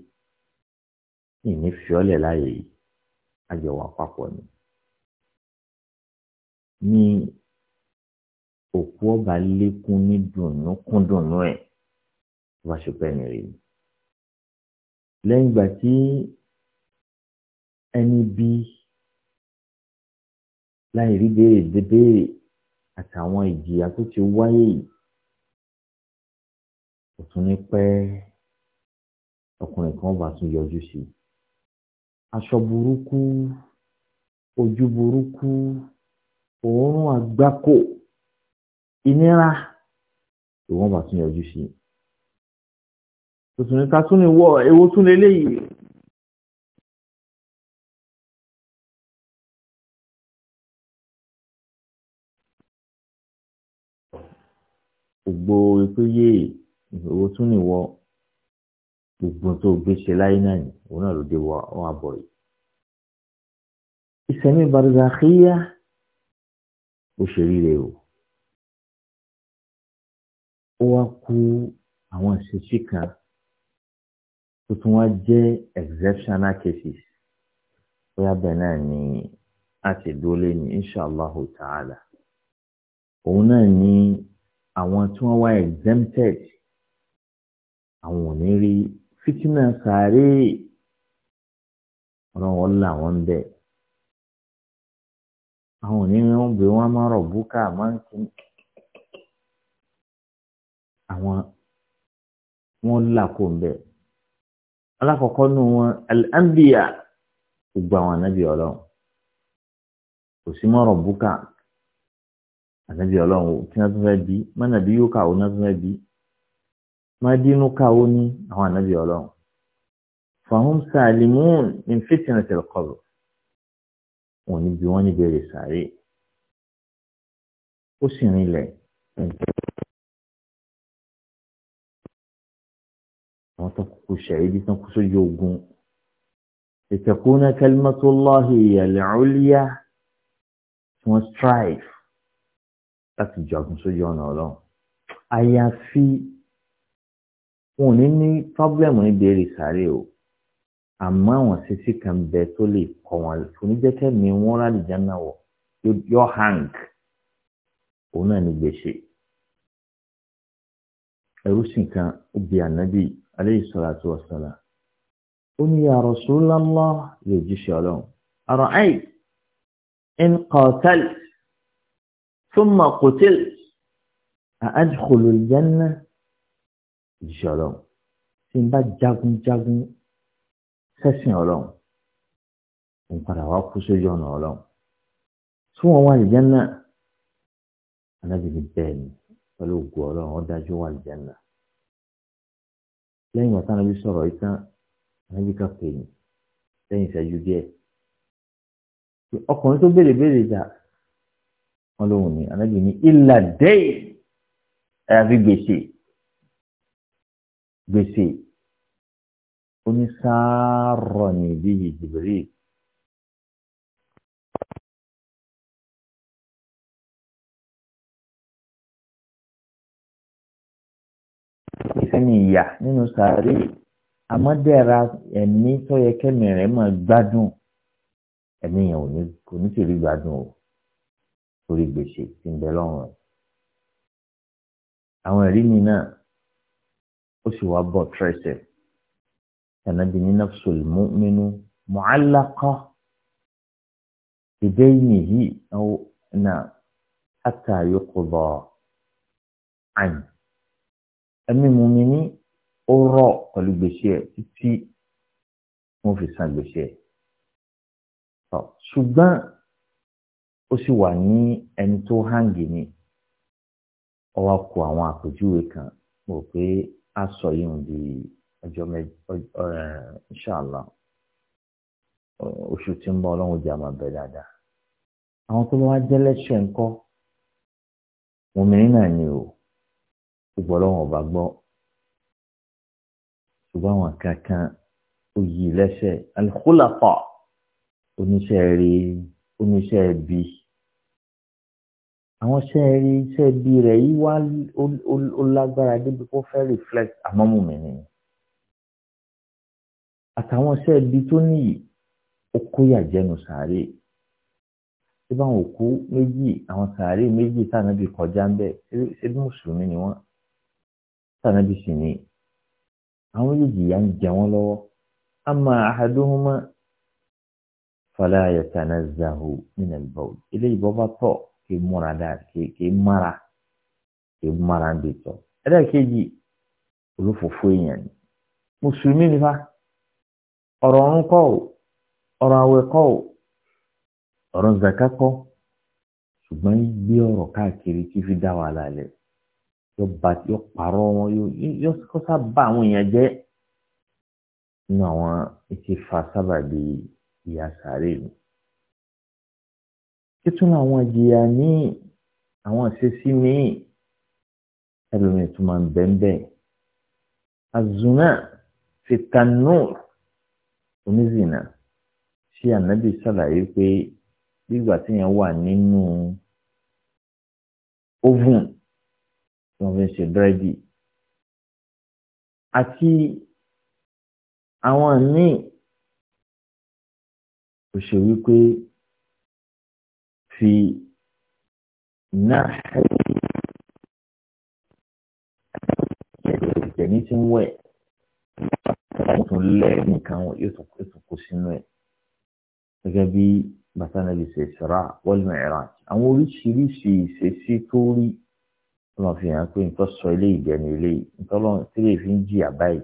Speaker 3: ìní fiọ́lẹ̀ láàyè yìí àjọwà papọ̀ ni. ní òkú ọba
Speaker 2: lékún ní dùnú kún dùnú ẹ̀ bá ṣe pẹ́ mi rí ni lẹ́yìn ìgbà tí ẹni bí láì rí béèrè dé béèrè àtàwọn ìjìyà tó ti wáyé yìí kò tún ní pẹ́ ọkùnrin kan bá tún yọjú sí i
Speaker 3: aṣọ burúkú
Speaker 2: ojú burúkú òórùn àgbákò ìnira
Speaker 3: ìwọ́n bá tún yọjú sí i tòtùnú ta tún ní wọ ewo tún lé léyìí gbogbo ètò yéè owó tún ní wọ gbogbo tó
Speaker 2: gbé ṣe láyé náà ni òun náà ló dé wọn àbọ̀ yìí.
Speaker 3: ìsẹ̀mí barzakhiya ó ṣe ríre o ó wá kú àwọn ìṣesí kan tó
Speaker 2: tún wá exceptional cases bóyá bẹ́ẹ̀ náà ni a ti dúró lé ní inshallahu ta'ala òun náà ni àwọn tí wọ́n wá exempted àwọn ò ní rí fitina sáré ọ̀rọ̀ wọn là ń bẹ̀ àwọn ò ní rí wọn bí wọ́n máa alákọ̀ọ́kọ́ nù wọn al-anbiya gbogbo àwọn ànábì ọlọ́run kò sí mọ́rọ̀ búkà ànábì ọlọ́run tí wọ́n tún fẹ́ bí mọ́nàbí yóò kàwó náà tún fẹ́ bí mádínú kàwó ní àwọn ànábì ọlọ́run fahum salimun min fitnatil qabr wọn níbi
Speaker 3: wọn níbi rẹ̀ sáré ó sì rìnlẹ̀ nǹkan. àwọn tó kú ṣàyídí tó kú sójú ogun ìtẹ̀kùnà kalimatullahi ìyàlẹ̀ ọ̀líyà
Speaker 2: tí wọ́n strive láti jagun sójú ọ̀nà ọlọ́run àyàfi wọn ò ní ní pọ́blẹ́mù níbi èrè sáré o àmọ́ àwọn sisi kan bẹ tó lè kọ́ wọn kò ní jẹ́ kẹ́mi wọn wọ̀ yọ hang òun náà ní gbèsè ẹrú sì kan ó bi ànábì aleyhi salatu wa salam ó ní ya Rasulullah lè jíṣẹ́ ọlọ́run ọ̀rọ̀ ayé in qatal thumma qutil àádìkòlò ìyánnà jíṣẹ́ ọlọ́run tí n bá jagun jagun sẹ́sìn ọlọ́run n padà wá kú sójú ọ̀nà ọlọ́run tí wọ́n wá ìyánnà anábìrin bẹ́ẹ̀ ni pẹ̀lú ògùn ọlọ́run ó dájú wá ìyánnà lẹ́yìn ìgbà táwọn ibi sọ̀rọ̀ yìí tán àwọn ibi kan pè ní lẹ́yìn ìṣẹ́jú díẹ̀ ọkùnrin tó béèrè béèrè dà wọn lóhùn ní anábì ní ìlà déè àyàfi gbèsè gbèsè
Speaker 3: onísàárọ̀ ní ìdíyì Jibril. ẹni ìyà nínú sàárè àmọ́dẹ́ra
Speaker 2: ẹ̀mí tó yẹ kẹ́mi rẹ̀ máa gbádùn ẹ̀mí yẹn ò ní kò ní sì rí gbádùn o torí gbèsè tí ń bẹ lọ́rùn ẹ̀. àwọn ẹ̀rí mi náà ó sì wá bọ̀ tẹ́sẹ̀ tànàbí ní nafsul mu'minu mu'allaqa bidaynihi aw na hatta yuqda anhu ẹ̀mí mùmí ní ó rọ̀ pẹ̀lú gbèsè ẹ̀ títí wọ́n fi san gbèsè ẹ̀. ṣùgbọ́n ó sì wà ní ẹni tó hàǹgì ni ọwọ́ kó àwọn àpèjúwe kan mọ̀ pé a sọ yìí ń di ọjọ́ mẹ́jọ ṣáàlà oṣù tí ń bọ̀ ọlọ́run jẹ́ àmọ́ bẹ́ẹ̀ dáadáa àwọn tó bá wá jẹ́ lẹ́sẹ̀ ńkọ́ mùmí náà ni o gbogbo ọlọ́run ọba gbọ́ ṣùgbọ́n àwọn kankan ó yí lẹ́sẹ̀ alikulafa oníṣẹ́ rí oníṣẹ́ bí àwọn iṣẹ́ rí iṣẹ́ bí rẹ̀ yìí wá ó lágbára débi kó fẹ́ reflect àmọ́mù mi nìyí àtàwọn iṣẹ́ ibi tó níyì ó kóyà jẹnu sàárè tí báwọn òkú méjì àwọn sàárè méjì tànàbí kọjá ń bẹ̀ ṣé bí mùsùlùmí ni wọ́n sànàbí sì ni àwọn méjèèjì yà ń jẹ wọn lọ́wọ́ amma ahaduhuma fala yatanazzahu min al-bawl eléyìí kì í múra dáa kì í mara kì í mara ń kejì èèyàn mùsùlùmí nípa ọ̀rọ̀ ọ̀run kọ́ ọ̀rọ̀ àwẹ̀ kọ́ ọ̀rọ̀ zaka kọ́ ṣùgbọ́n gbé ọ̀rọ̀ káàkiri kí fi dá wàhálà yóò bá yóò pààrọ̀ wọn yóò kó sábà àwọn èèyàn jẹ́ nínú àwọn etí fa sábàbí ìyá sàárè mi. títún àwọn ìjìyà ní àwọn ìṣesí míì ẹlòmíràn tó máa ń bẹ́ńbẹ́ azuna fitanur onízìnà ṣé ànábì ṣàlàyé pé bí ìgbà téèyàn wà nínú oven
Speaker 3: tí wọ́n fi ń ṣe búrẹ́dì àti àwọn míì kò ṣe wípé fi náà ẹ̀mí tí ń wẹ̀ wọ́n tún
Speaker 2: lẹ̀ nìkan yóò tún kó sínú ẹ̀ gẹ́gẹ́ bí bàtà nàbì ṣe ṣọ́ra wal mi'raj àwọn oríṣiríṣi ìṣesí tó rí tó máa fi hàn pé nǹkan sọ eléyìí jẹnu eléyìí nǹkan lọ́n tí lè fi ń jìyà báyìí.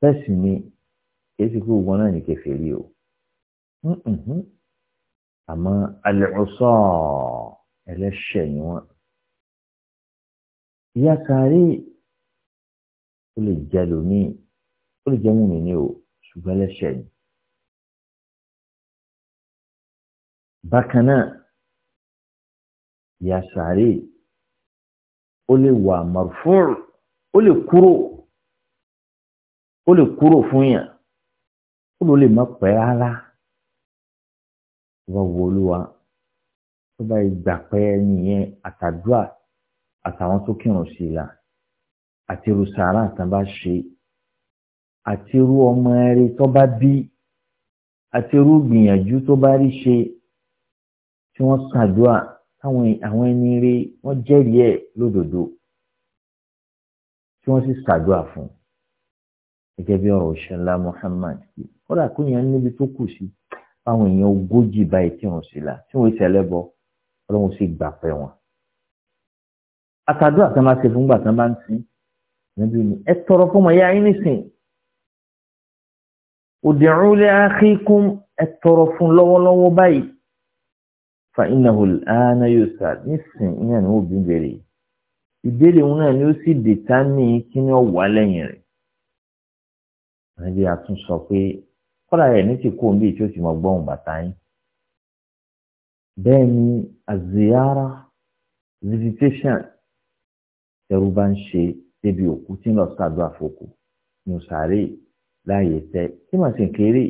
Speaker 2: bẹ́ẹ̀sì ni èsì kú wọn náà ní kèfèrí o àmọ́ alẹ́ọ̀sọ́ ẹlẹ́ṣẹ̀ ni wọ́n.
Speaker 3: ìyá kárí ó lè jẹ lómi ó lè jẹ múmi ní o ṣùgbọ́n ẹlẹ́ṣẹ̀ ni. bákan náà ìyá sàárè ó lè wà marfu' ó lè kúrò
Speaker 2: ó lè kúrò fún yàn ó ló lè má pẹ́ rárá ìwà wo olúwa tó bá ìgbà pẹ́ nìyẹn àtàdúrà àtàwọn tó kírun sí la àti irú sàárà tán bá ṣe àti irú ọmọ ẹrẹ tó bá bí àti irú gbìyànjú tó bá rí ṣe tí wọ́n ṣàdúrà káwọn àwọn ẹni rí wọ́n jẹ́rìí ẹ̀ lódodo tí wọ́n sì ṣàdúrà fún un gẹ́gẹ́ bí ọ̀rọ̀ ṣẹlá Muhammad kódà kó yẹn níbi tó kù sí fáwọn èèyàn ogójì báyìí tí wọ́n sì là tí wọ́n ṣẹlẹ̀ bọ́ ọlọ́run sì gbà pẹ́ wọn. àtàdúrà kan máa ṣe fúngbà kan bá ń sin níbi ni ẹ tọrọ fọmọ ẹyà yín nísìn òdìrún lé àkíkún ẹ tọrọ fún lọ́wọ́lọ́wọ́ báyìí. فإنه الآن يسأل نسين إنا نو بنجري ìbéèrè wọn náà ni ó sì dìtámì kí ni ó wà lẹ́yìn rẹ̀ ẹbí àtúnṣọ pé kọ́ra rẹ̀ ní ti kó ń bí tí ó ti mọ gbọ́n bàtà yín bẹ́ẹ̀ ni àzìyára visitation ẹrú bá ń ṣe débi òkú tí ń lọ sàdó àfọkù ní sàárè láàyè tẹ tí màá sì kéré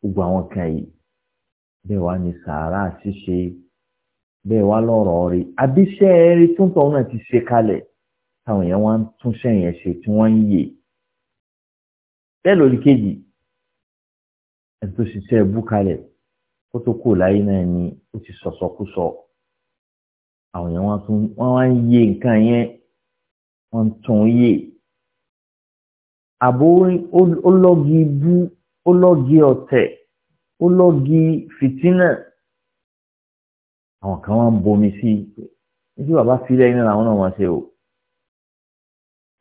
Speaker 2: gbogbo àwọn kan yìí bẹ́ẹ̀ wá ní sàárà ṣíṣe bẹ́ẹ̀ wá lọ́rọ̀ rí àbíṣẹ́ rí túntọ̀ náà ti ṣe kalẹ̀ táwọn èèyàn wá ń túnṣẹ́ yẹn ṣe tí wọ́n ń yè bẹ́ẹ̀ lórí kejì ẹni tó ṣiṣẹ́ ẹbú kalẹ̀ kó tó kù láyé náà ni ó ti sọ̀sọ̀kúsọ àwọn èèyàn wọ́n tún wọ́n wá ń yé nǹkan yẹn wọ́n ń tún yé àbó ó lọ́gi bú ó lọ́gi ọ̀tẹ̀ ó lọ́gi fìtínà àwọn kan wá ń bomi sí i níbi bàbá filẹ̀ iná làwọn náà wọ́n ṣe o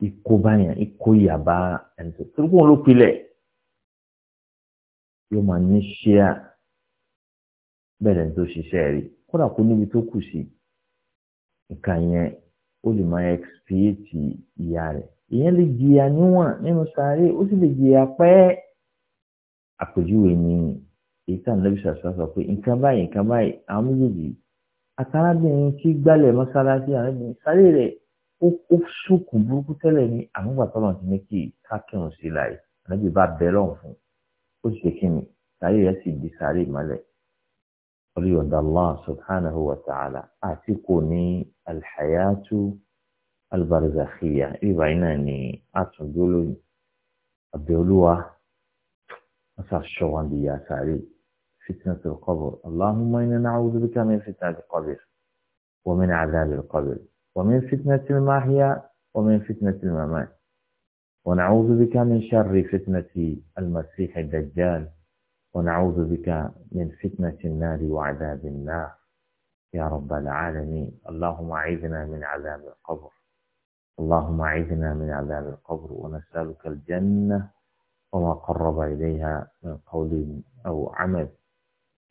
Speaker 2: ikó báyà ikó yàbá ẹni tó tó kóun ló pilẹ̀ yóò máa ní ṣíà bẹ́ẹ̀ lẹ́ni tó ṣiṣẹ́ rí kódà kó níbi tó kù sí nǹkan yẹn ó lè máa ẹ̀xpíyètì ìyá rẹ̀ ìyẹn lè jìyà níwọ̀n nínú sáré ó sì lè jìyà pẹ́ àpèjúwe nìyí èyí tá nàbí sàṣà sọ pé nǹkan báyìí nǹkan báyìí àwọn méjèèjì àtàràbìnrin tí gbálẹ̀ mọ́sálásí àrẹ́bìnrin sáré rẹ̀ ó sókùn burúkú tẹ́lẹ̀ ní àmúgbà tọ́lọ̀ ti ní kí kákìrùn sí láì àrẹ́bìnrin bá bẹ̀ lọ́hùn fún ó sì kí ni sáré rẹ̀ sì di sáré ìmọ́lẹ̀ olùyọ̀dà allah subhanahu wa ta'ala àti kò ní alhayatu albarzakhiya ibà iná ni àtúndó lónìí àbẹ̀olúwa wọ́n sàṣọ wọn bí yà sáré yìí. فتنة القبر اللهم إنا نعوذ بك من فتنة القبر ومن عذاب القبر ومن فتنة المحيا ومن فتنة الممات ونعوذ بك من شر فتنة المسيح الدجال ونعوذ بك من فتنة النار وعذاب النار يا رب العالمين اللهم أعذنا من عذاب القبر اللهم أعذنا من عذاب القبر ونسألك الجنة وما قرب إليها من قول أو عمل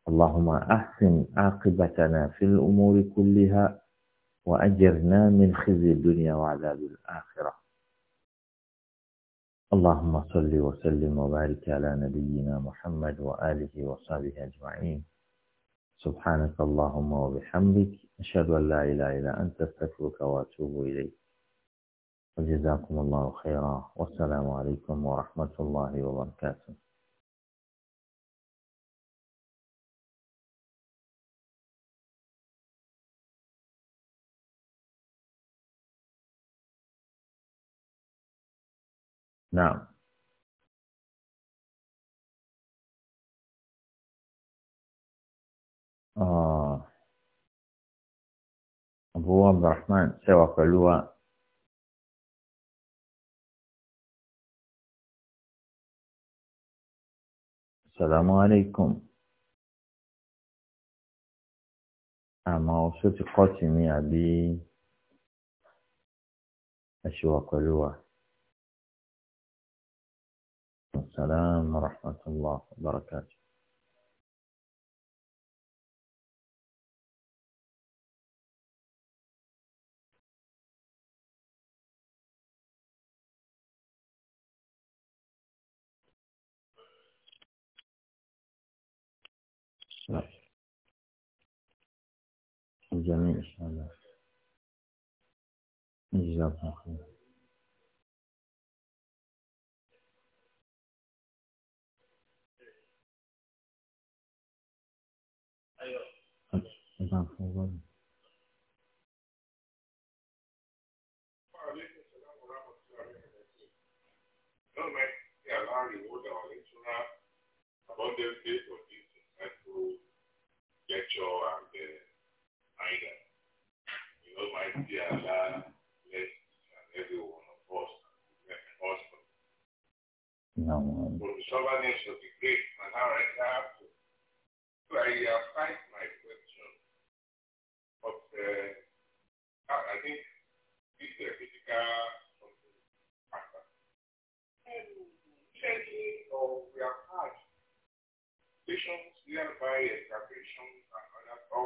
Speaker 2: اللهم أحسن عاقبتنا في الأمور كلها وأجرنا من خزي الدنيا وعذاب الآخرة اللهم صل وسلم وبارك على نبينا محمد وآله وصحبه أجمعين سبحانك اللهم وبحمدك أشهد أن لا إله إلا أنت أستغفرك وأتوب إليك وجزاكم الله خيرا
Speaker 3: والسلام عليكم ورحمة الله وبركاته náà. Ah. Abu Abdulrahman ṣẹ̀wà pẹ̀lú wa. Assalamu alaikum. Àmọ́ ṣó ti kọ́ السلام ورحمة الله وبركاته الجميع إن شاء الله جزاكم No, it wasn't. abundantly
Speaker 1: for the You of the of the great, and how I have to. I have fight my I, think this is a factor. so we have had nearby excavations and other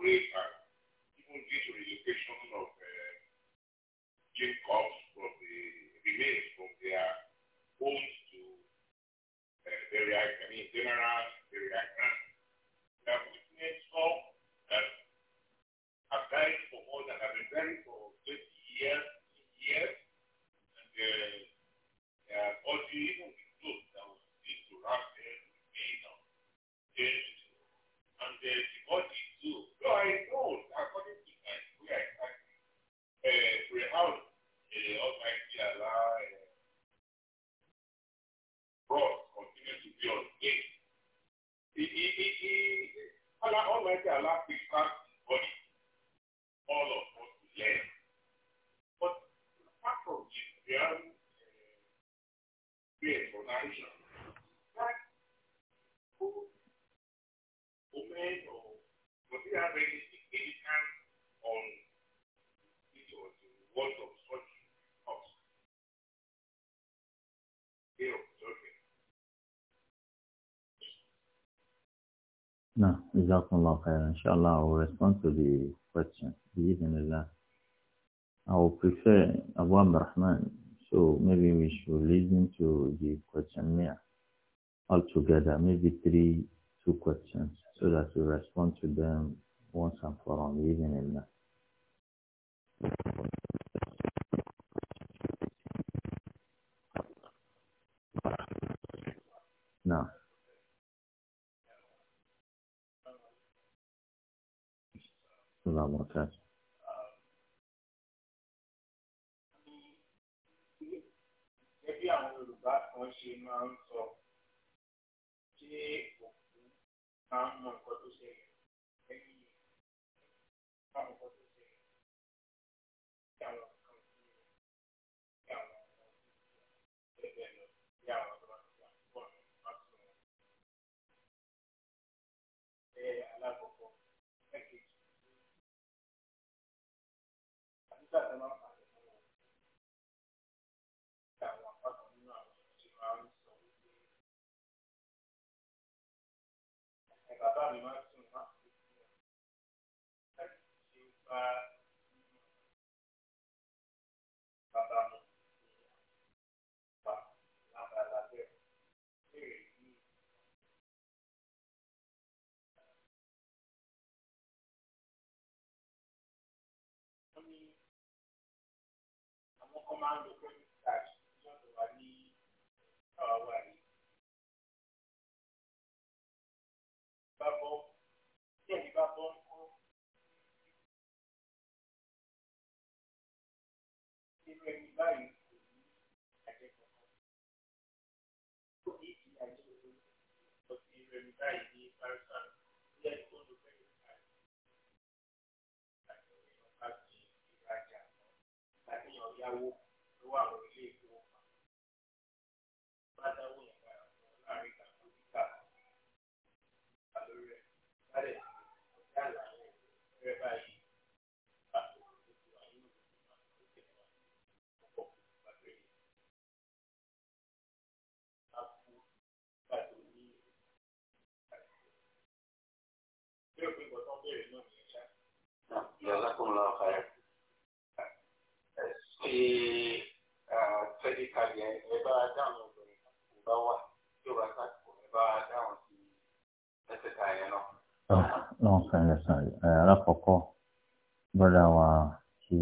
Speaker 1: great even relocation of uh, gym from the remains from their
Speaker 3: No, Jazakumullah okay. Inshallah, I will respond to
Speaker 2: the question. Bismillah. I will prefer Abu Rahman, so maybe we should listen to the question questionnaire altogether, maybe three, two questions, so that we respond to them once and for all. Bismillah.
Speaker 3: máa ń sọ tí òkú máa ń mọ̀. máa ń lo pẹ̀lú owó.
Speaker 2: ẹ̀sán alákọ̀ọ́kọ́ bọ́dà wa tí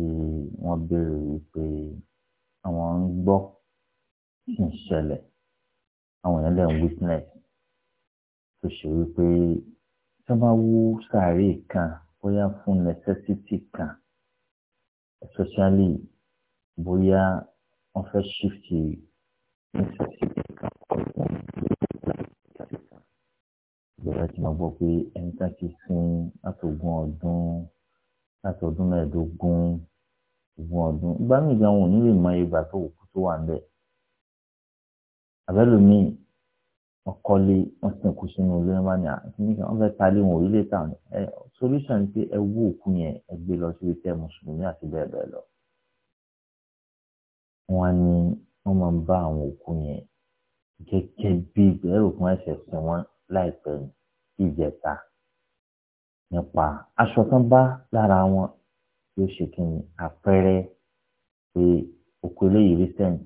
Speaker 2: wọ́n béèrè wípé àwọn ń gbọ́ sì ń ṣẹlẹ̀ àwọn èèyàn lè ń witness tó ṣe wípé tí wọ́n bá wú sàárè kan bóyá fún necessity kan especially bóyá wọ́n fẹ́ shift necessity. ẹ ti máa gbọ́ pé ẹni tá ti sin látọ̀gún ọdún látọ̀dún mẹ́ẹ̀ẹ́dógún ogún ọdún ìgbà míì gan wọn ò ní lè mọ ìgbà tó òkú tó wà níbẹ̀ àbẹ́lòmíì wọ́n kọ́lé wọ́n sì kú sínú ilé wọn bá ní àtúnyìnká wọ́n fẹ́ ta ilé wọn orílẹ̀ tà ní ẹ solution ni pé ẹ wú òkú yẹn ẹ gbé lọ sí ìtẹ́ mùsùlùmí àti bẹ́ẹ̀ bẹ́ẹ̀ lọ. wọ́n ní wọ́n máa ń bá àwọn òkú yẹn gẹ́gẹ́ bí ìgbẹ́rùkún ẹ̀sẹ̀ sí wọn láìpẹ́ ni ìjẹta nípa aṣọ tán bá lára wọn yóò ṣe kí ni àpẹẹrẹ pé òkú eléyìí recent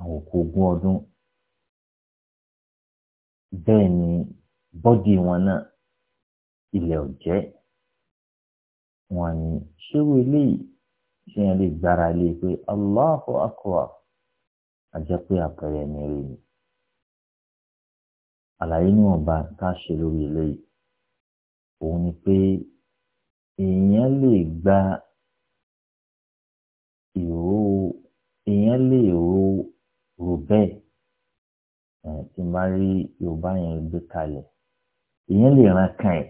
Speaker 2: àwọn òkú ogún ọdún bẹ́ẹ̀ ni bọ́dì wọn náà ilẹ̀ ọ̀jẹ́ wọn ni ṣéwò eléyìí ṣé yẹn lè gbára lé e pé Allahu akbar àjẹpé àpẹẹrẹ mi rí ni àlàyé níwọ̀nba ká ṣe lórí eléyìí òun ni pé èèyàn lè gba ìró èèyàn lè ro rò bẹ́ẹ̀ tí n bá rí yorùbá yẹn gbé kalẹ̀ èèyàn lè ran kan ẹ̀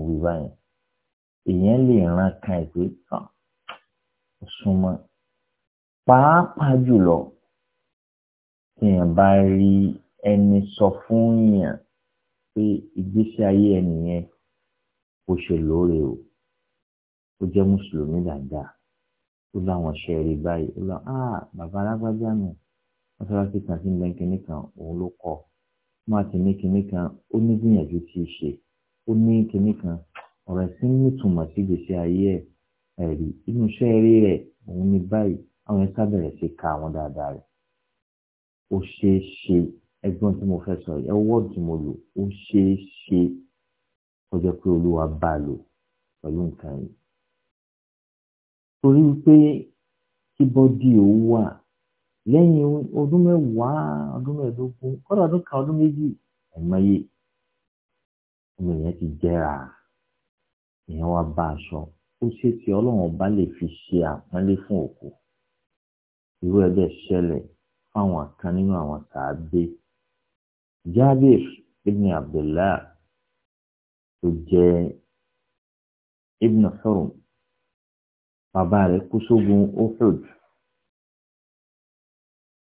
Speaker 2: ìwé báyẹn èèyàn lè ran kan ẹ̀ pé ó súnmọ́
Speaker 3: pàápàá
Speaker 2: jùlọ tí èèyàn bá rí ẹni sọ fún yàn pé ìgbésí ayé ẹni yẹn ó ṣe lóore o ó jẹ́ mùsùlùmí dáadáa ó láwọn ṣe rí báyìí ó lọ ah bàbá alágbájá mi wọ́n sọ láti kàn sí bẹ́ẹ̀ kínní kan òun ló kọ́ máa ti ní kínní kan ó ní gbìyànjú tí í ṣe ó ní kínní kan ọ̀rọ̀ ẹ̀sìn nítumọ̀ sí ìgbésí ayé ẹ̀ ẹ̀rí inú iṣẹ́ eré rẹ̀ òun ní báyìí àwọn ẹ̀ka bẹ̀rẹ̀ sí ka àwọn dáadáa rẹ̀ ó ṣeé ṣe ẹ̀gbọ́n tí mo fẹ́ sọ yìí ẹwọ́ tí mo lò ó ṣeé ṣe kọjá pé olúwa bá lò pẹ̀lú nǹkan yìí torí pé kí bọ́dì ó wà lẹ́yìn ọdún mẹ́wàá ọdún mẹ́ẹ̀ẹ́dógún kọ́dọ̀ ọdún kan ọdún méjì ẹ̀mọye ọmọ èèyàn ti jẹ́ra èèyàn wá bá aṣọ ó ṣe tí ọlọ́run ọba lè fi ṣe àpọ́nlé fún òkú irú ẹ̀ ṣẹlẹ̀ fáwọn kan nínú àwọn sàábé Jabir ibn Abdullah tó jẹ́
Speaker 3: ibn Hurum bàbá rẹ̀ kú sógun Uhud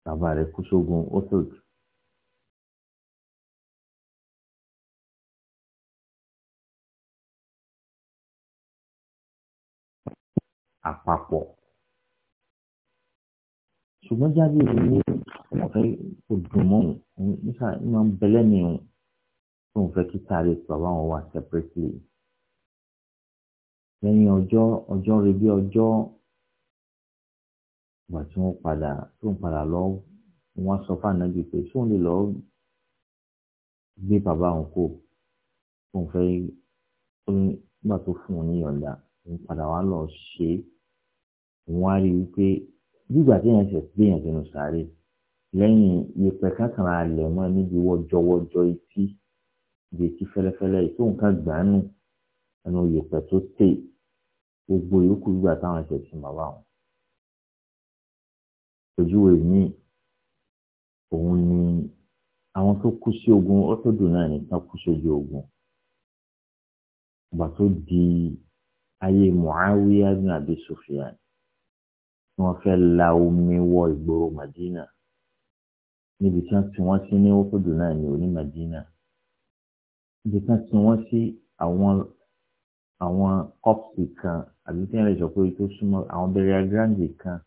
Speaker 3: bàbá rẹ̀ kú sógun Uhud. àpapọ̀ ṣùgbọ́n jáde ìlú ní ọ̀fẹ́ kò dùn mọ́ òun nígbà tí wọ́n ń bẹ̀lẹ́
Speaker 2: ní òun tó ń fẹ́ kí sáré bàbá wọn wà separately. lẹ́yìn ọjọ́ ọjọ́ rí bí ọjọ́ ìgbà tí wọ́n padà tó ń padà lọ wọ́n sọ fún ànágbé pé tí òun lè lọ gbé bàbá òun kò tó ń fẹ́ nígbà tó fún òun ní ìyọ̀ǹda òun padà wá lọ ṣe wọ́n á rí i wípé gbígbà tí yẹn ṣe gbéyàn sínú sàárè lẹ́yìn yẹpẹ kákàrà alẹ̀ mọ́ níbi wọ́jọ́wọ́jọ́ etí ibi etí fẹ́lẹ́fẹ́lẹ́ ètò nǹkan gbàánù ẹnu yẹpẹ tó tè gbogbo yòókù gbígbà táwọn ẹsẹ̀ ti mọ̀ wá wọn. ojúwe mi òun ni àwọn tó kú sí ogun ọ́tọ́dù náà nìkan kú sójú ogun ìgbà tó di ayé Muawiya bin Abi tí wọ́n fẹ́ la omi wọ ìgboro Madina níbi tí wọ́n ti wọ́n sí ní wọ́pọ̀dù náà ní oní Madina níbi tí wọ́n ti wọ́n sí àwọn àwọn kọ́pùsì kan àbí tí wọ́n lè sọ pé tó súnmọ́ àwọn bẹ̀rẹ̀ agrandi kan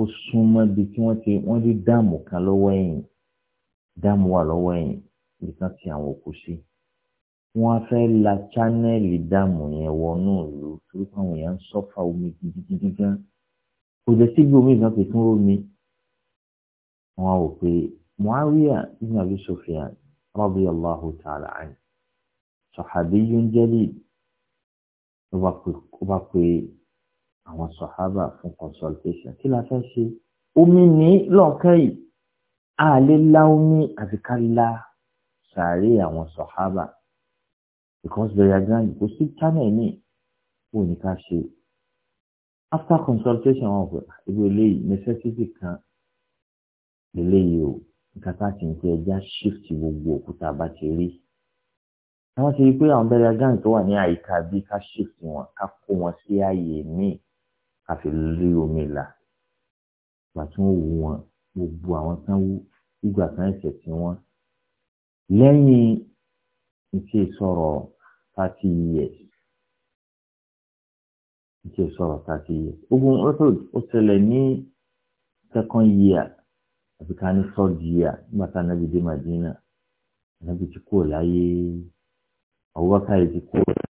Speaker 2: ó súnmọ́ ibi tí wọ́n ti wọ́n rí dáàmù kan lọ́wọ́ ẹ̀yìn dáàmù wà lọ́wọ́ ẹ̀yìn níbi tí wọ́n ti àwọn òkú sí wọ́n á fẹ́ la chánẹ́ẹ̀lì dáàmù yẹn wọnú ìlú torí pé àwọn èèyàn ń sọ́fà omi gidigidi gan-an kò dé síbi omi ìgbà pé tún rómi wọn ò pé muawiya ibn abi sufyan radiyallahu ta'ala anhu sahabiyun jalil ló bá pé àwọn sahaba fún consultation kí la fẹ́ ṣe omi ní lọ́ọ̀kẹ́ yìí a lè la omi àti ká la sàárè àwọn sahaba because bẹ̀rẹ̀ àgbáyé kò sí channel ní òní ká ṣe after consultation of pé ibi eléyìí necessity kan eléyìí o nǹkan tá a ti ń pẹ ẹja shift gbogbo òkúta bá ti rí àwọn ti rí pé àwọn bẹ̀rẹ̀ gan tó wà ní àyíká bíi ká shift wọn ká kó wọn sí ààyè míì ká fi rí omi là ìgbà tí wọ́n wú wọn gbogbo àwọn tán wú ìgbà kan ẹsẹ̀ tí wọ́n lẹ́yìn ìṣe sọ̀rọ̀ thirty years tí ò sọ̀rọ̀ thirty ogun record ó ṣẹlẹ̀ ní second year àti ká ní third year nígbà tá ànábì dé Madina
Speaker 3: ànábì ti kúrò láyé Abubakar ti kúrò láyé.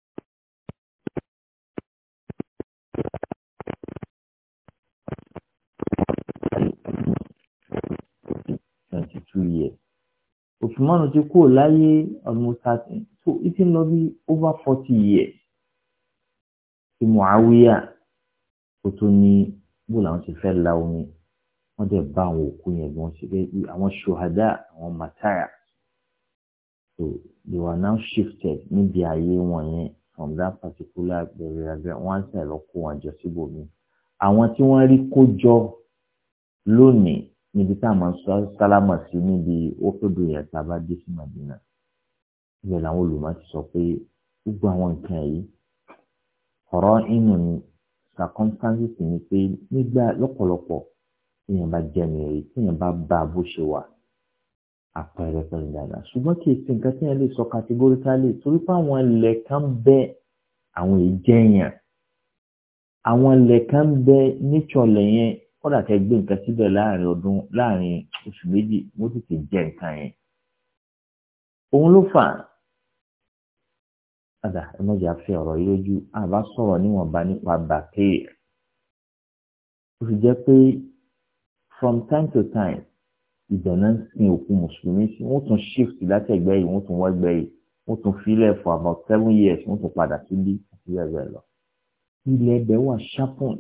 Speaker 2: Usman ti kúrò láyé almost thirty so it ń lọ bí over forty years kí Muawiya kó tó ní bó làwọn ti fẹ́ la omi wọ́n dẹ̀ bá àwọn òkú yẹn bí wọ́n ṣe fẹ́ bí àwọn ṣòhádà àwọn màtáyà so they were now shifted níbi ààyè wọn yẹn from that particular area wọ́n á sẹ̀ lọ kó wọn jọ síbòmí àwọn tí wọ́n rí kó jọ lónìí níbi tá a máa sọ sálámà sí níbi ókèdè yẹn tá a bá dé sí Màdínà ìbẹ̀ làwọn olùmọ̀ ti sọ pé gbogbo àwọn nǹkan yìí ọ̀rọ̀ inú ni circumstances ni pé nígbà lọ́pọ̀lọpọ̀ èèyàn bá jẹ́ mi rí téèyàn bá bá bó ṣe wà àpẹẹrẹ pẹ̀lú dáadáa ṣùgbọ́n kì í ṣe nǹkan téèyàn lè sọ categorically torí pé àwọn ilẹ̀ kan bẹ àwọn èjẹ̀yàn àwọn ilẹ̀ kan bẹ nítsọ̀lẹ̀ yẹn kódà tẹ gbé nǹkan síbẹ̀ láàrin ọdún láàrin oṣù méjì mo ti ti jẹ nǹkan yẹn òun ló fà á àdá ẹ mọ̀jì àfi ọ̀rọ̀ yìí lójú àbá sọ̀rọ̀ níwọ̀nba nípa bàkír ó sì jẹ́ pé from time to time ìdọ̀nà ń sin òkú mùsùlùmí sí wọ́n tún shift láti ẹgbẹ́ yìí wọ́n tún wọ́n ẹgbẹ́ yìí wọ́n tún filẹ̀ for about seven years wọ́n tún padà síbí àti bẹ́ẹ̀ bẹ́ẹ̀ lọ. ilẹ̀ ẹ̀bẹ̀ wà ṣápọ̀n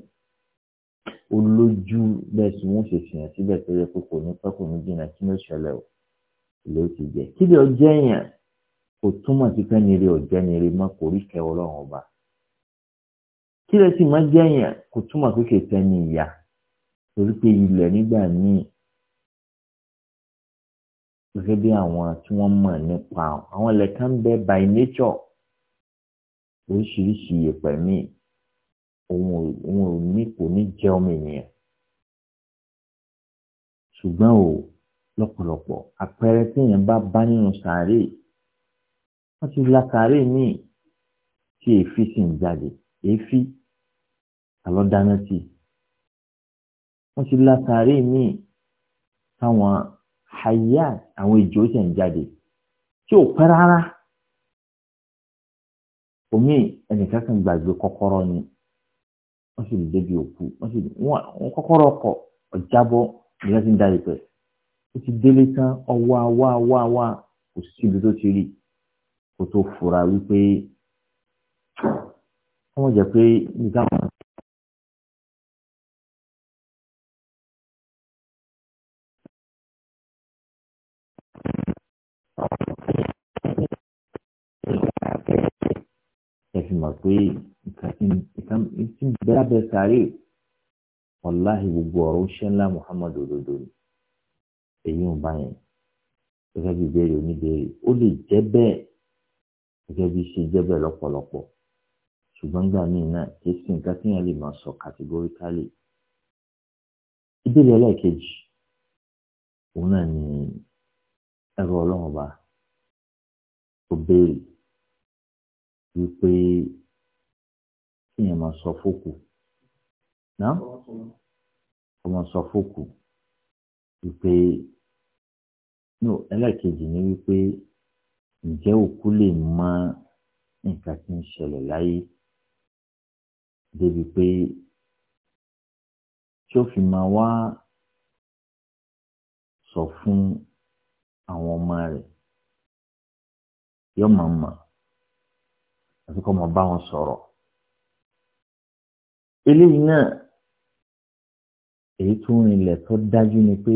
Speaker 2: olójú bẹ́ẹ̀ tí wọ́n ṣe sìn síbẹ̀ tó yẹ kó kò ní pẹ́ kò ní jìnnà kí ló ṣẹlẹ̀ o ìlú ti jẹ́ kí lè ọjọ́ èèyàn kò túmọ̀ sí pé ní ire ọ̀jẹ́ ní ire mọ́ kò rí kẹ́ ọlọ́run ọba kí lè sì má jẹ́yàn kò túmọ̀ pé kè sẹ́ni ìyá torí pé ilẹ̀ nígbà míì gẹ́gẹ́ bí àwọn tí wọ́n mọ̀ nípa àwọn ilẹ̀ kan bẹ by nature oríṣiríṣi ìyẹ̀pẹ̀ míì òun ò ní kò ní jẹ́ ọmọ ènìyàn ṣùgbọ́n o lọ́pọ̀lọpọ̀ àpẹẹrẹ téèyàn bá bá nínú sàárè wọ́n ti la sàárè míì tí èéfì sì ń jáde èéfì àlọ́ dáná tì wọ́n ti la sàárè míì táwọn àyà àwọn ìjò sì ń jáde tí ò pẹ́ rárá omi ẹnìkan kan gbàgbé kọ́kọ́rọ́ ni wọ́n sì débi òkú wọ́n sì wọ́n kọ́kọ́rọ́ kọ ọ̀jábọ́ ìrẹsì ń darí pẹ̀ ó ti délé tán ọwọ́ awọ́ awọ́ awọ́ kò
Speaker 3: síbi tó ti rí i kó tó fura wípé wọ́n jẹ́ pé nígbà wọn. ẹ fi mọ̀ pé
Speaker 2: nǹkan tí bẹ́ẹ̀ bẹ́ẹ̀ sáré wàláhì gbogbo ọ̀rọ̀ ṣe ńlá Muhammad òdodo ni èyí ń bá yẹn gẹ́gẹ́ bí ìbéèrè oníbéèrè ó lè jẹ́ bẹ́ẹ̀ gẹ́gẹ́ bí ṣe jẹ́ bẹ́ẹ̀ lọ́pọ̀lọpọ̀ ṣùgbọ́n nígbà míì náà kì í sí nǹkan tí yẹn lè máa sọ categorically.
Speaker 3: ìbéèrè ẹlẹ́ẹ̀kejì òun náà ni ẹ̀rọ ọlọ́run ọba tó béèrè wípé kí yẹn máa sọ fókù náà kó máa sọ fókù
Speaker 2: wípé no ẹlẹ́ẹ̀kejì ni wípé ǹjẹ́ òkú lè mọ nǹkan tí ń ṣẹlẹ̀ láyé
Speaker 3: débi pé tí ó fi máa wá sọ fún àwọn ọmọ rẹ̀ yóò máa mọ̀ àti kó máa bá wọn sọ̀rọ̀. eléyìí náà èyí tó ń rinlẹ̀
Speaker 2: tó dájú ni pé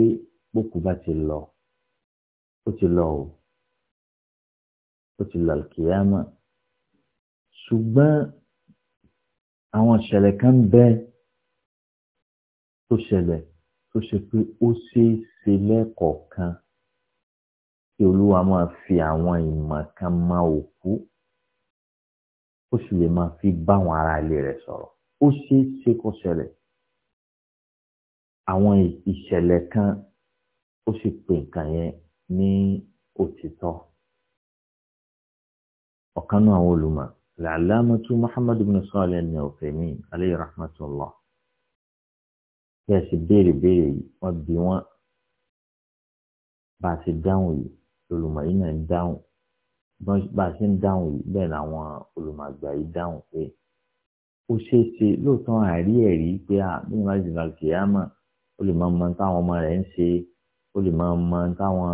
Speaker 2: bókú bá ti lọ ó ti lọ o ó ti lọ àlùkìyámà ṣùgbọ́n àwọn ìṣẹ̀lẹ̀ kan bẹ́ẹ̀ tó ṣẹlẹ̀ tó ṣe pé ó ṣeé ṣe lẹ́ẹ̀kọ̀ọ̀kan kí olúwa máa fi àwọn ìmọ̀ kan mọ òkú ó sì lè máa fi báwọn ará ilé rẹ̀ sọ̀rọ̀ ó ṣeé ṣe kó ṣẹlẹ̀ àwọn ìṣẹ̀lẹ̀ kan ó sì pè nǹkan yẹn ní òtítọ́ ọ̀kan náà àwọn olùmọ̀ làlámàtú muhammad ibn sọ́ọ̀lì ẹni ọ̀fẹ̀mí aleyhi rahmatullah bí a ṣe béèrè béèrè yìí wọ́n bí wọ́n bá a ṣe dáhùn yìí olùmọ̀ yìí náà ń dáhùn bá a ṣe ń dáhùn yìí bẹ́ẹ̀ làwọn olùmọ̀ àgbà yìí dáhùn pé ó ṣeé ṣe lóòótọ́ àrí ẹ̀rí pé a bí wọ́n bá ti lọ kìyàmọ̀ ó lè máa mọ táwọn ọmọ rẹ̀ ń ṣe ó lè máa mọ táwọn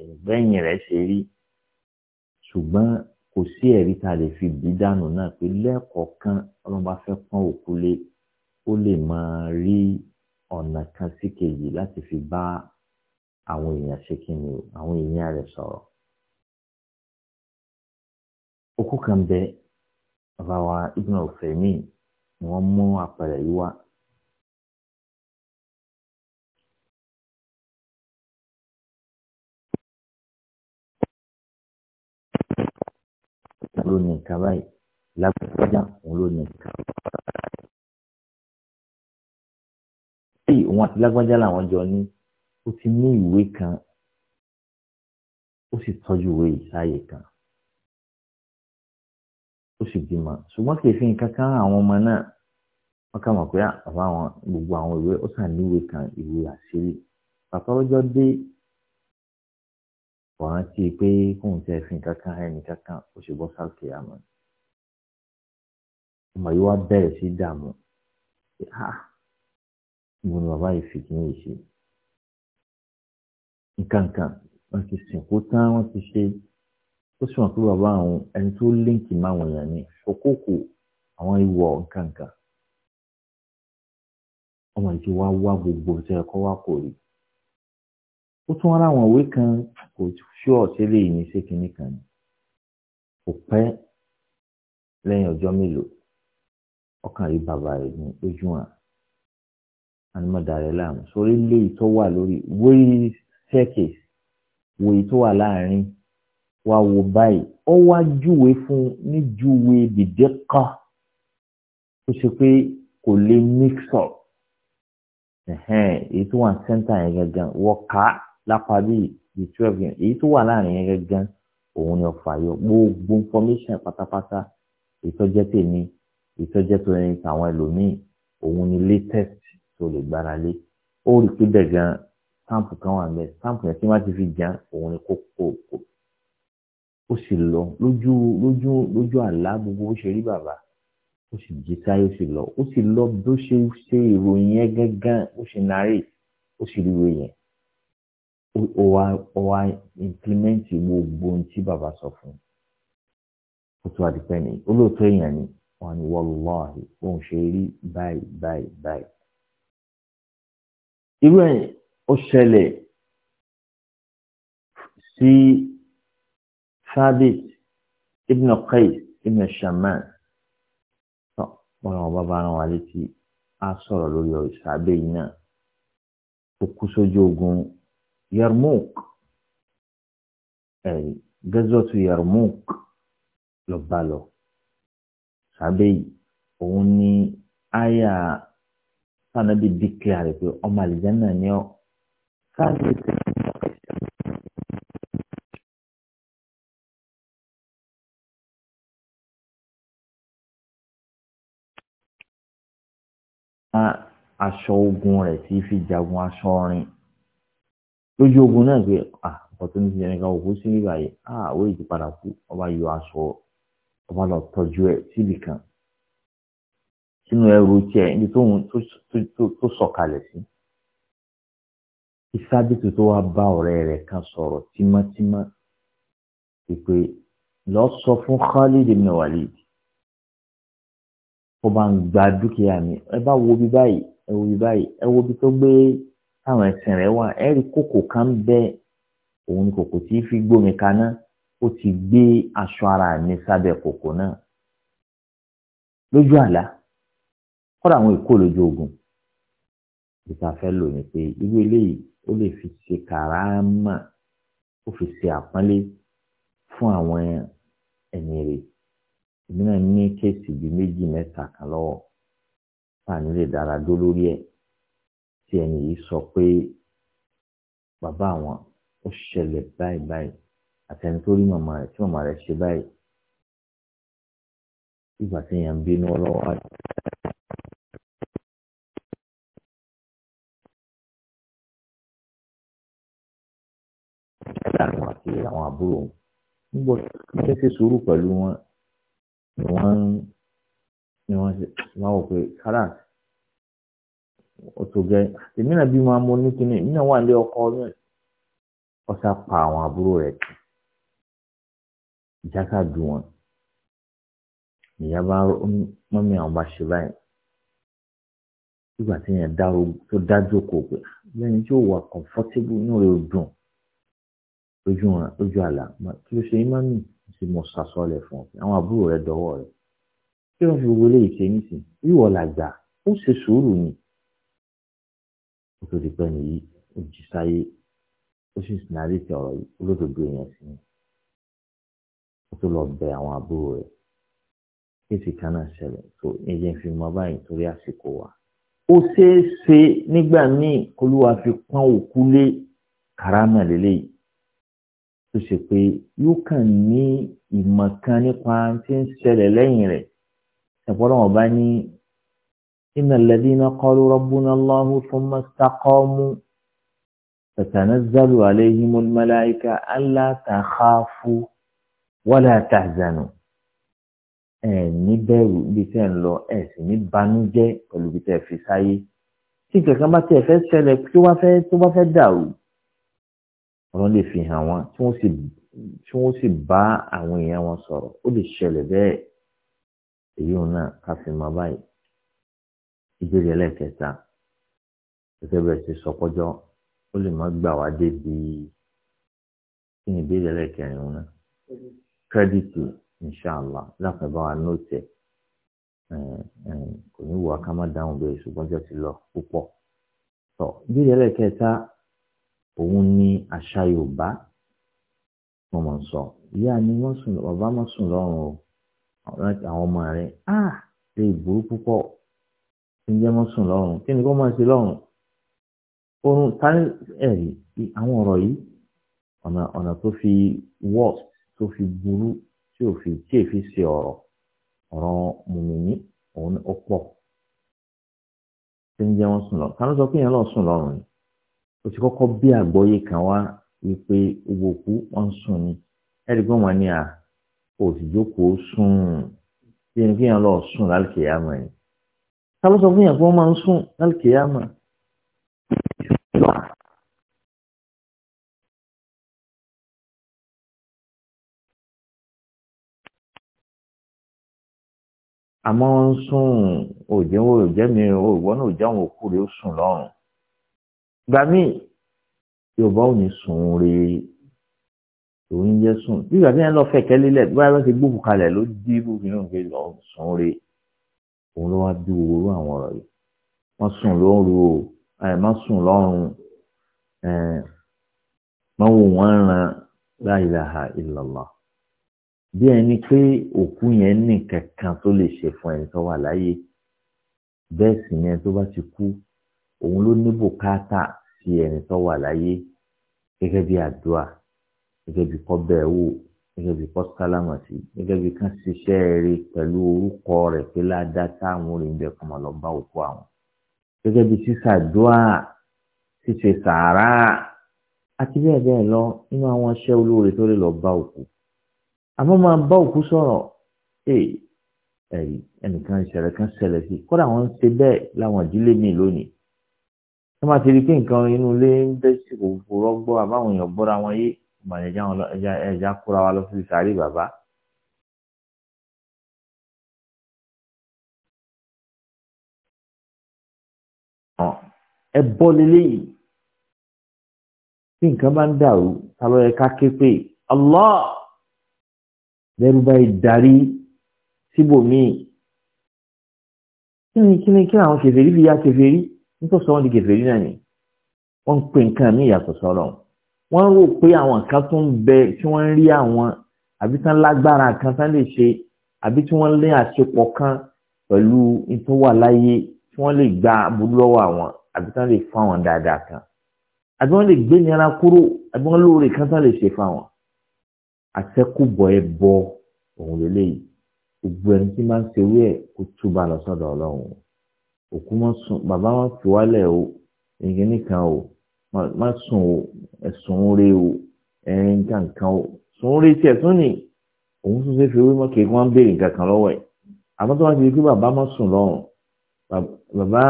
Speaker 2: ẹ̀gbẹ́yìn rẹ̀ ṣe rí ṣùgbọ́n kò sí ẹ̀rí tá a lè fi bí dànù náà pé lẹ́ẹ̀kọ̀ọ̀kan ọlọ́run bá fẹ́ pọ́n òkú lé ó lè máa rí ọ̀nà kan sí kejì láti fi bá àwọn èèyàn ṣe kí ni àwọn èèyàn rẹ̀ sọ̀rọ̀.
Speaker 3: òkú kan bẹ bàbá wa Ibn Uthaymeen ni wọ́n mú àpẹẹrẹ yìí wá ló ní nǹkan báyìí lágbájá òun ló ní nǹkan báyìí. tí wọn àti lágbájá làwọn jọ ní ó ti ní ìwé kan ó sì
Speaker 2: tọ́jú ìwé ìsáyè kan ó sì bímọ ṣùgbọ́n kì í fi nǹkan kan àwọn ọmọ náà wọ́n kà mọ̀ pé àbáwọn gbogbo àwọn ìwé ó sàn níwèé kan ìwé àṣírí bàbá ọjọ́ dé kò rántí pé kóun tẹ fi kankan ẹnì kankan kò sì bọ́ sáàkì àmọ́ ọmọ yìí wá bẹ̀rẹ̀ sí dààmú ha mo ní bàbá yìí fi kíní yìí ṣe nkankan wọ́n ti sìnkú tán wọ́n ti ṣe ó sì mọ̀ pé bàbá àwọn ẹni tó líǹkì máa wọ̀nyàn ni kókókò àwọn ìwọ̀ nkankan ọmọ yìí ti wá wá gbogbo ṣe ẹ̀kọ́ wá kò ó tún ara àwọn òwe kan kò ṣúọ̀ ṣe lè ní ṣé kinní kan ni kò pẹ́ lẹ́yìn ọjọ́ mélòó ọkàn rí bàbá rẹ̀ ní ojú hàn anumọ̀dàrẹ́ láàmú sórí lé ìtọ́ wà lórí wéyí staircase wo ìtọ́ wà láàrin wá wo báyìí ó wá júwe fún ní júwe dìde kan tó ṣe pé kò lè mix up èyí tó wà ní sẹ́ńtà yẹn gangan wọ́n kà lápá bíi bíi twelve yẹn èyí tó wà láàrin yẹn gẹ́gẹ́ òun ni ọ̀fà yọ gbogbo information pátápátá ìtọ́jẹ́ tèmi ìtọ́jẹ́ tó ẹni tàwọn ẹlòmíì òun ni latest tó lè gbára lé ó rí pé bẹ́ẹ̀ gan stamp kan wà mẹ́ stamp yẹn tí wọ́n ti fi jẹun òun ni kókó kó ó sì lọ lójú lójú lójú àlá gbogbo bó ṣe rí bàbá ó sì jí sáyé ó sì lọ ó sì lọ bó ṣe ṣe ìròyìn yẹn gángan ó sì narrate ó sì rí yẹn ó wá ó wá implement gbogbo ohun tí bàbá sọ fún un ó tún àdìpẹ́ ni olóòótọ́ èèyàn ni wọn ni wọ́lọ́ọ̀hì òun ṣe rí báyìí báyìí báyìí.
Speaker 3: irú ẹ̀ ó ṣẹlẹ̀ sí
Speaker 2: Thabit ibn Qais ibn Shaman wọn àwọn bàbá ara wọn létí á sọ̀rọ̀ lórí ọ̀rọ̀ ìsàbẹ̀ yìí náà ó kú sójú ogun Yarmouk ẹ̀rí gẹ́zọ́tù Yarmouk ló bá lọ sábẹ́ yìí òun ní àyà sanabi dìkìlà rẹ̀ pé ọmọ àlìjáná
Speaker 3: ni ọ sábẹ́ tẹ̀ aṣọ ogun rẹ̀ tí fi jagun
Speaker 2: aṣọ orin lójú ogun náà pé ah ọ̀tún ní ìyẹn nìkan òkú sí nígbà yìí ah àwọn èyí ti padà kú ọba yọ aṣọ ọba lọ tọ́jú ẹ síbì kan sínú ẹrù tiẹ̀ níbi tóun tó sọ̀kalẹ̀ sí ìsábìtì tó wá bá ọ̀rẹ́ rẹ̀ kan sọ̀rọ̀ tímọ́tímọ́ ìpè lọ sọ fún Khalid ibn Walid kó bá ń gba dúkìá mi ẹ bá wo bí báyìí ẹ wo bí báyìí ẹ wo bí tó gbé táwọn ẹsìn rẹ̀ wà ẹ̀rí kòkò kan bẹ òun ni kòkò tí fi gbómi kaná ó ti gbé aṣọ ara mi sábẹ́ kòkò náà lójú àlá kọ́dà àwọn èkó lójú ogun ìta fẹ́ lò ní pé irú eléyìí ó lè fi ṣe kàrámà ó fi ṣe àpọ́nlé fún àwọn ẹ̀yìn rẹ̀ èmi náà ní kéèsì bíi méjì mẹ́ta kan lọ́wọ́ fáàní lè dára dó lórí ẹ̀ tí ẹni yìí sọ pé bàbá àwọn ó ṣẹlẹ̀ báyìí báyìí àtẹni
Speaker 3: tó rí màmá rẹ̀ tí màmá rẹ̀ ṣe báyìí ìgbà tí èèyàn ń bínú ọlọ́wọ́ àti. láàrin àti àwọn àbúrò wọn nígbà tí wọ́n ṣe sùúrù pẹ̀lú wọn ni wọ́n ń
Speaker 2: ni wọ́n ṣe wọ́n pé káràǹtì ọ̀tọ̀ gẹ́ èmi náà bí máa mọ ní kíní èmi náà wà ní ọkọ ọyàn ọ̀sà pa àwọn àbúrò rẹ̀ tì ìjàkà dù wọn ìyá bá mọ́mí àwọn bá ṣe báyìí nígbà tí yẹn tó dájú kò pé lẹ́yìn tí o wà comfortable inú rẹ̀ ó dùn lójú wọn lójú àlà kí ló ṣe imáàmì ṣe mọ sàsọlẹ̀ fún ọ àwọn àbúrò rẹ̀ dọ́wọ́ rẹ̀ kí wọ́n fi gbogbo eléyìí ṣe nísìn ìwọ làgbà ó ṣe sùúrù ni kó tó di pẹ́ nìyí ó jí sáyé ó sì sinari ti ọ̀rọ̀ yìí olódodo èèyàn sí ni ó tó lọ bẹ àwọn àbúrò rẹ̀ kéèsì kan náà ṣẹlẹ̀ tó ẹ̀jẹ̀ fi mọ báyìí torí àsìkò wa ó ṣeé ṣe nígbà míì kólúwa fi pọ́n òkú lé kàrámà lélẹ́yìí tó ṣe pé yóò kàn ní ìmọ̀ kan nípa tí ń ṣẹlẹ̀ lẹ́yìn rẹ̀ ẹ̀fọ́ náà wọ́n bá ní إن الذين قالوا ربنا الله ثم استقاموا فتنزل عليهم الملائكة ألا تخافوا ولا تحزنوا ẹ ní bẹ̀rù ibi tẹ́ ń lọ ẹ sì ní banújẹ́ pẹ̀lú ibi tẹ́ fi sáyé tí kankan bá tiẹ̀ fẹ́ ṣẹlẹ̀ tó bá fẹ́ tó bá fẹ́ dàrú ọ̀rọ̀ lè fi hàn wọ́n tí wọ́n sì bá àwọn èèyàn wọn sọ̀rọ̀ ó lè ṣẹlẹ̀ bẹ́ẹ̀ èyí ò náà ká fi máa báyìí ìbéèrè ẹlẹ́kẹta gẹ́gẹ́ bẹ́ẹ̀ ti sọ kọjọ́ ó lè má gbà wá débi kí ni ìbéèrè ẹlẹ́kẹrin wọn náà kírẹ́dìtì inṣàlá láfẹ̀bá wa nóòtẹ̀ kò ní wù wá ká má dáhùn bẹ́ẹ̀ ṣùgbọ́n jẹ́ ti lọ púpọ̀ tọ́ ìbéèrè ẹlẹ́kẹta òun ni àṣà Yorùbá wọn mọ̀ sọ ìyá ni wọ́n sùn lọ́rùn o àwọn ọmọ rẹ̀ á ah, lè burú púpọ̀ tí ń jẹ́ mọ́ sùn lọ́rùn kí ni kó máa ṣe lọ́rùn oorun tani ẹ̀rí àwọn ọ̀rọ̀ yìí ọ̀nà ọ̀nà tó fi wọ́ọ̀t tó fi burú tí ò fi tí èfi ṣe ọ̀rọ̀ ọ̀rọ̀ mùmìnì òun ó pọ̀ tí ń jẹ́ wọ́n sùn lọ́rùn tani sọ pé yẹn lọ́ọ̀ sùn lọ́rùn ni o ti kọ́kọ́ bí àgbọ́yé kan wá wípé owó òkú wọ́n ń sùn ni ẹ̀rí gbọ́n wọn ni à òsì jókòó sùn bí ẹni kí yẹn lọ́ọ̀ sùn
Speaker 3: lálùkìyàmọ̀ ni sábà sọ fún yàn máa ń sùn lálùkìyàmà àmọ́ ń sùn òjẹ́wò òjẹ́mi òwò náà òjẹ́wò òkú rẹ̀ ó sùn lọ́rùn
Speaker 2: gbà míì yorùbá ò ní sùn re òun jẹ́ sùn bí gbàgbé yẹn lọ fẹ̀kẹ́ lílẹ̀ bí wọ́n ti gbókù kalẹ̀ ló dí bùkún náà pé lọ sùn re òun ló wá bí owó àwọn ọ̀rọ̀ yìí má sùn lóru o má sùn lọ́rùn má wò wọ́n ran la ilaha illallah bí ẹni pé òkú yẹn ní kankan tó lè ṣe fún ẹni tó wà láyé bẹ́ẹ̀ sì ni ẹni tó bá ti kú òun ló ní bùkátà sí ẹni tó wà láyé gẹ́gẹ́ bí àdúrà gẹ́gẹ́ bí kọ́bẹ̀ẹ́wò gẹ́gẹ́ bí kọ́ sálámà sí gẹ́gẹ́ bí kán ṣiṣẹ́ rere pẹ̀lú orúkọ rẹ̀ pé ládàá táwọn olùdíje kan mọ̀ lọ bá òkú àwọn gẹ́gẹ́ bí sísàdúà ṣíṣe sàárà àti bẹ́ẹ̀ bẹ́ẹ̀ lọ nínú àwọn iṣẹ́ olóore tó lè lọ bá òkú àmọ́ máa bá òkú sọ̀rọ̀ ee ẹ̀rí ẹnìkan ìṣẹ̀lẹ̀ kan ṣẹlẹ̀ sí kódà wọ́n ń ṣe bẹ́ẹ̀ láwọn ìdílé mi lónìí wọ́n máa ti rí pé nǹkan inú ilé ń bẹ́ sí òfurufú rọ́gbọ́ àbáwọn èèyàn bọ́ra wọn yé màjẹjá wọn lọ ẹja ẹja kóra
Speaker 3: wa lọ sí sàárì bàbá. ẹ bọ́ lélẹ́ yìí tí nǹkan bá ń dàrú ta ló yẹ ká ké pé Allah
Speaker 2: lẹ́rú báyìí darí síbòmíì kí ni kí ni kí ni àwọn kèfèrí fi ya kèfèrí nítorí sọ wọn di kèfèrí náà ni wọ́n ń pè nǹkan ní ìyàtọ̀ sọ́lọ́run wọ́n rò pé àwọn kan tó ń bẹ tí wọ́n ń rí àwọn àbí tán lágbára kan tán lè ṣe àbí tí wọ́n lé àṣepọ̀ kan pẹ̀lú ìtọ́wà láyé tí wọ́n lè gba aburú lọ́wọ́ àwọn àbí tán lè fún àwọn dáadáa kan àbí wọ́n lè gbé nira kúrò àbí wọ́n lóore kan tán lè ṣe fáwọn. àṣẹkùbọ̀ ẹ bọ òun lélẹ́yìí gbogbo ẹni tí máa ń ṣerú ẹ̀ kó túbà lọ sọ́dọ̀ ọlọ́run òkú mọ́ sùn bàbá wọn fi wálẹ̀ o èyí nìkan o má sùn o ẹ̀sùn rẹ o ẹ̀rín kankan o sùn rẹ tiẹ̀ tún ni òun tún ṣe fi owó mọ́ kéèkì wọ́n béèrè nǹkan kan lọ́wọ́ ẹ̀ àmọ́ tó wá ti di pé bàbá má sùn lọ́rùn bàbá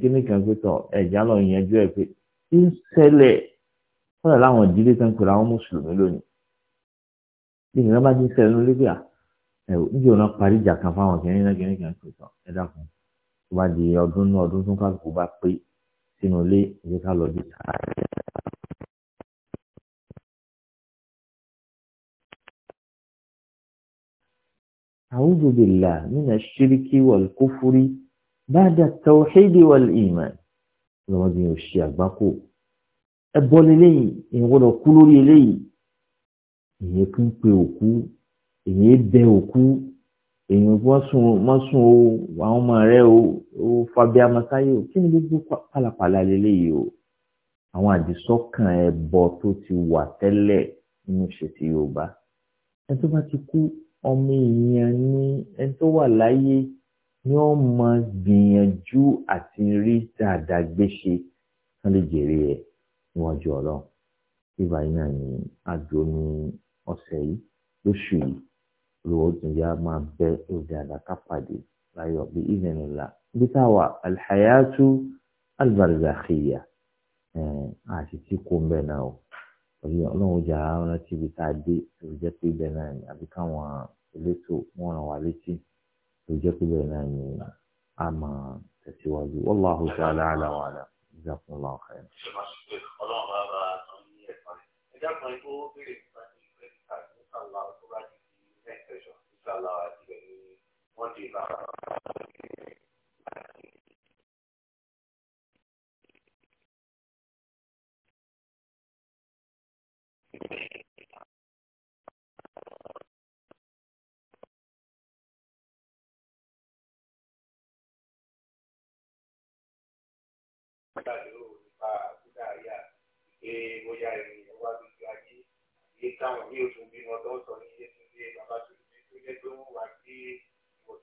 Speaker 2: kíní kan pé tọ̀ ẹ̀já lọ yanjú ẹ̀ pé kí ń ṣẹlẹ̀ fúnra láwọn ìdílé tó ń pèrè àwọn mùsùlùmí lónìí kí nìkan bá ti ń ṣẹlẹ̀ lórí pé à ẹ̀ níbi òun parí ìjà kan fáwọn kìnìún kìnìún kan pè tọ̀ ẹ dákun tó bá di ọdún náà ọdún tó ń kálukú bá pé sínú ilé
Speaker 3: ìdí ká lọ bí sáré. A'udhu billahi minash
Speaker 2: shirki wal kufri ba'da at-tawhidi wal iman. Lọ́wọ́ bí ṣe àgbákò. Ẹ bọ́ lélẹ́yìn, èèyàn gbọ́dọ̀ kú lórí eléyìí. Èèyàn kí ń òkú, èèyàn bẹ òkú èèyàn wọ́n sùn wọ́n sùn o àwọn ọmọ rẹ o o fabia masáyé o kí ni gbogbo pàlàpàlà lélẹ́yìí o àwọn àdìsọ́kàn ẹ̀bọ tó ti wà tẹ́lẹ̀ nínú ìṣètì Yorùbá ẹni tó bá ti kú ọmọ èèyàn ní ẹni tó wà láyé ni ó mọ gbìyànjú àti rí dáadáa gbéṣe kán lè jèrè ẹ níwájú Ọlọ́run bíbá iná ni àjò ní ọ̀sẹ̀ yìí lóṣù yìí olùwọ́ tún yá máa bẹ òde àdàkà pàdé láyọ̀ bí ìdẹ̀nìlá bí táwa alhayatu albarzakhiya àti tí kò ń bẹ̀ náà o òyìn ọlọ́run jà á rántí ibi tá a dé òjẹ́ pé ibẹ̀ náà ni àbí káwọn elétò wọn ràn wá létí òjẹ́ pé ibẹ̀ náà ni a máa tẹ̀síwájú wallahu ta'ala a'lam wa a'lam jazakumullahu khairan.
Speaker 1: واجبا
Speaker 3: bóyá ènìyàn wá lójú ayé àbí táwọn ní
Speaker 1: oṣù bímọ tó ń sọ ní ilé tó dé bàbá tó dé tó jẹ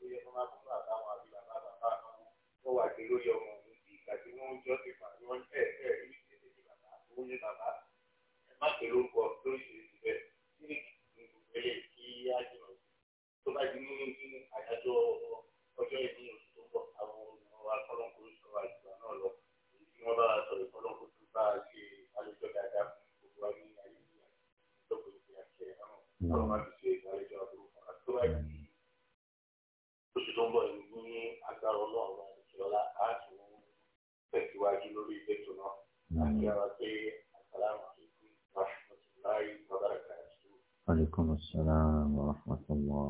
Speaker 1: tó yẹ kó máa fún bàbá àwọn àbí bàbá bàbá àwọn wọ́n wà dé lórí ọmọ òun bí ìgbà tí wọ́n ń jọ́ sí pàdé wọ́n tẹ̀ ẹ̀ rí ìṣẹ̀lẹ̀ ní bàbá owó ní bàbá ẹ̀ má pè lórúkọ lóríṣiríṣi bẹ́ẹ̀ kí ni kìkì gbogbo ẹlẹ́ kí á jìnà sí tó bá di ní àyájọ́ ọjọ́ ìdí oṣù tó bọ̀ àwọn olùmọ̀ wa kọ́lọ́ńkó oṣù wa oṣù tó ń bọ̀ ní agbára ọlọ́run ìṣọ́lá àti tẹ̀síwájú lórí ètò náà
Speaker 3: àti ara pé àsàlámù àlékún rahmatulahi wa barakatuh. aleykum salaam wa rahmatulah.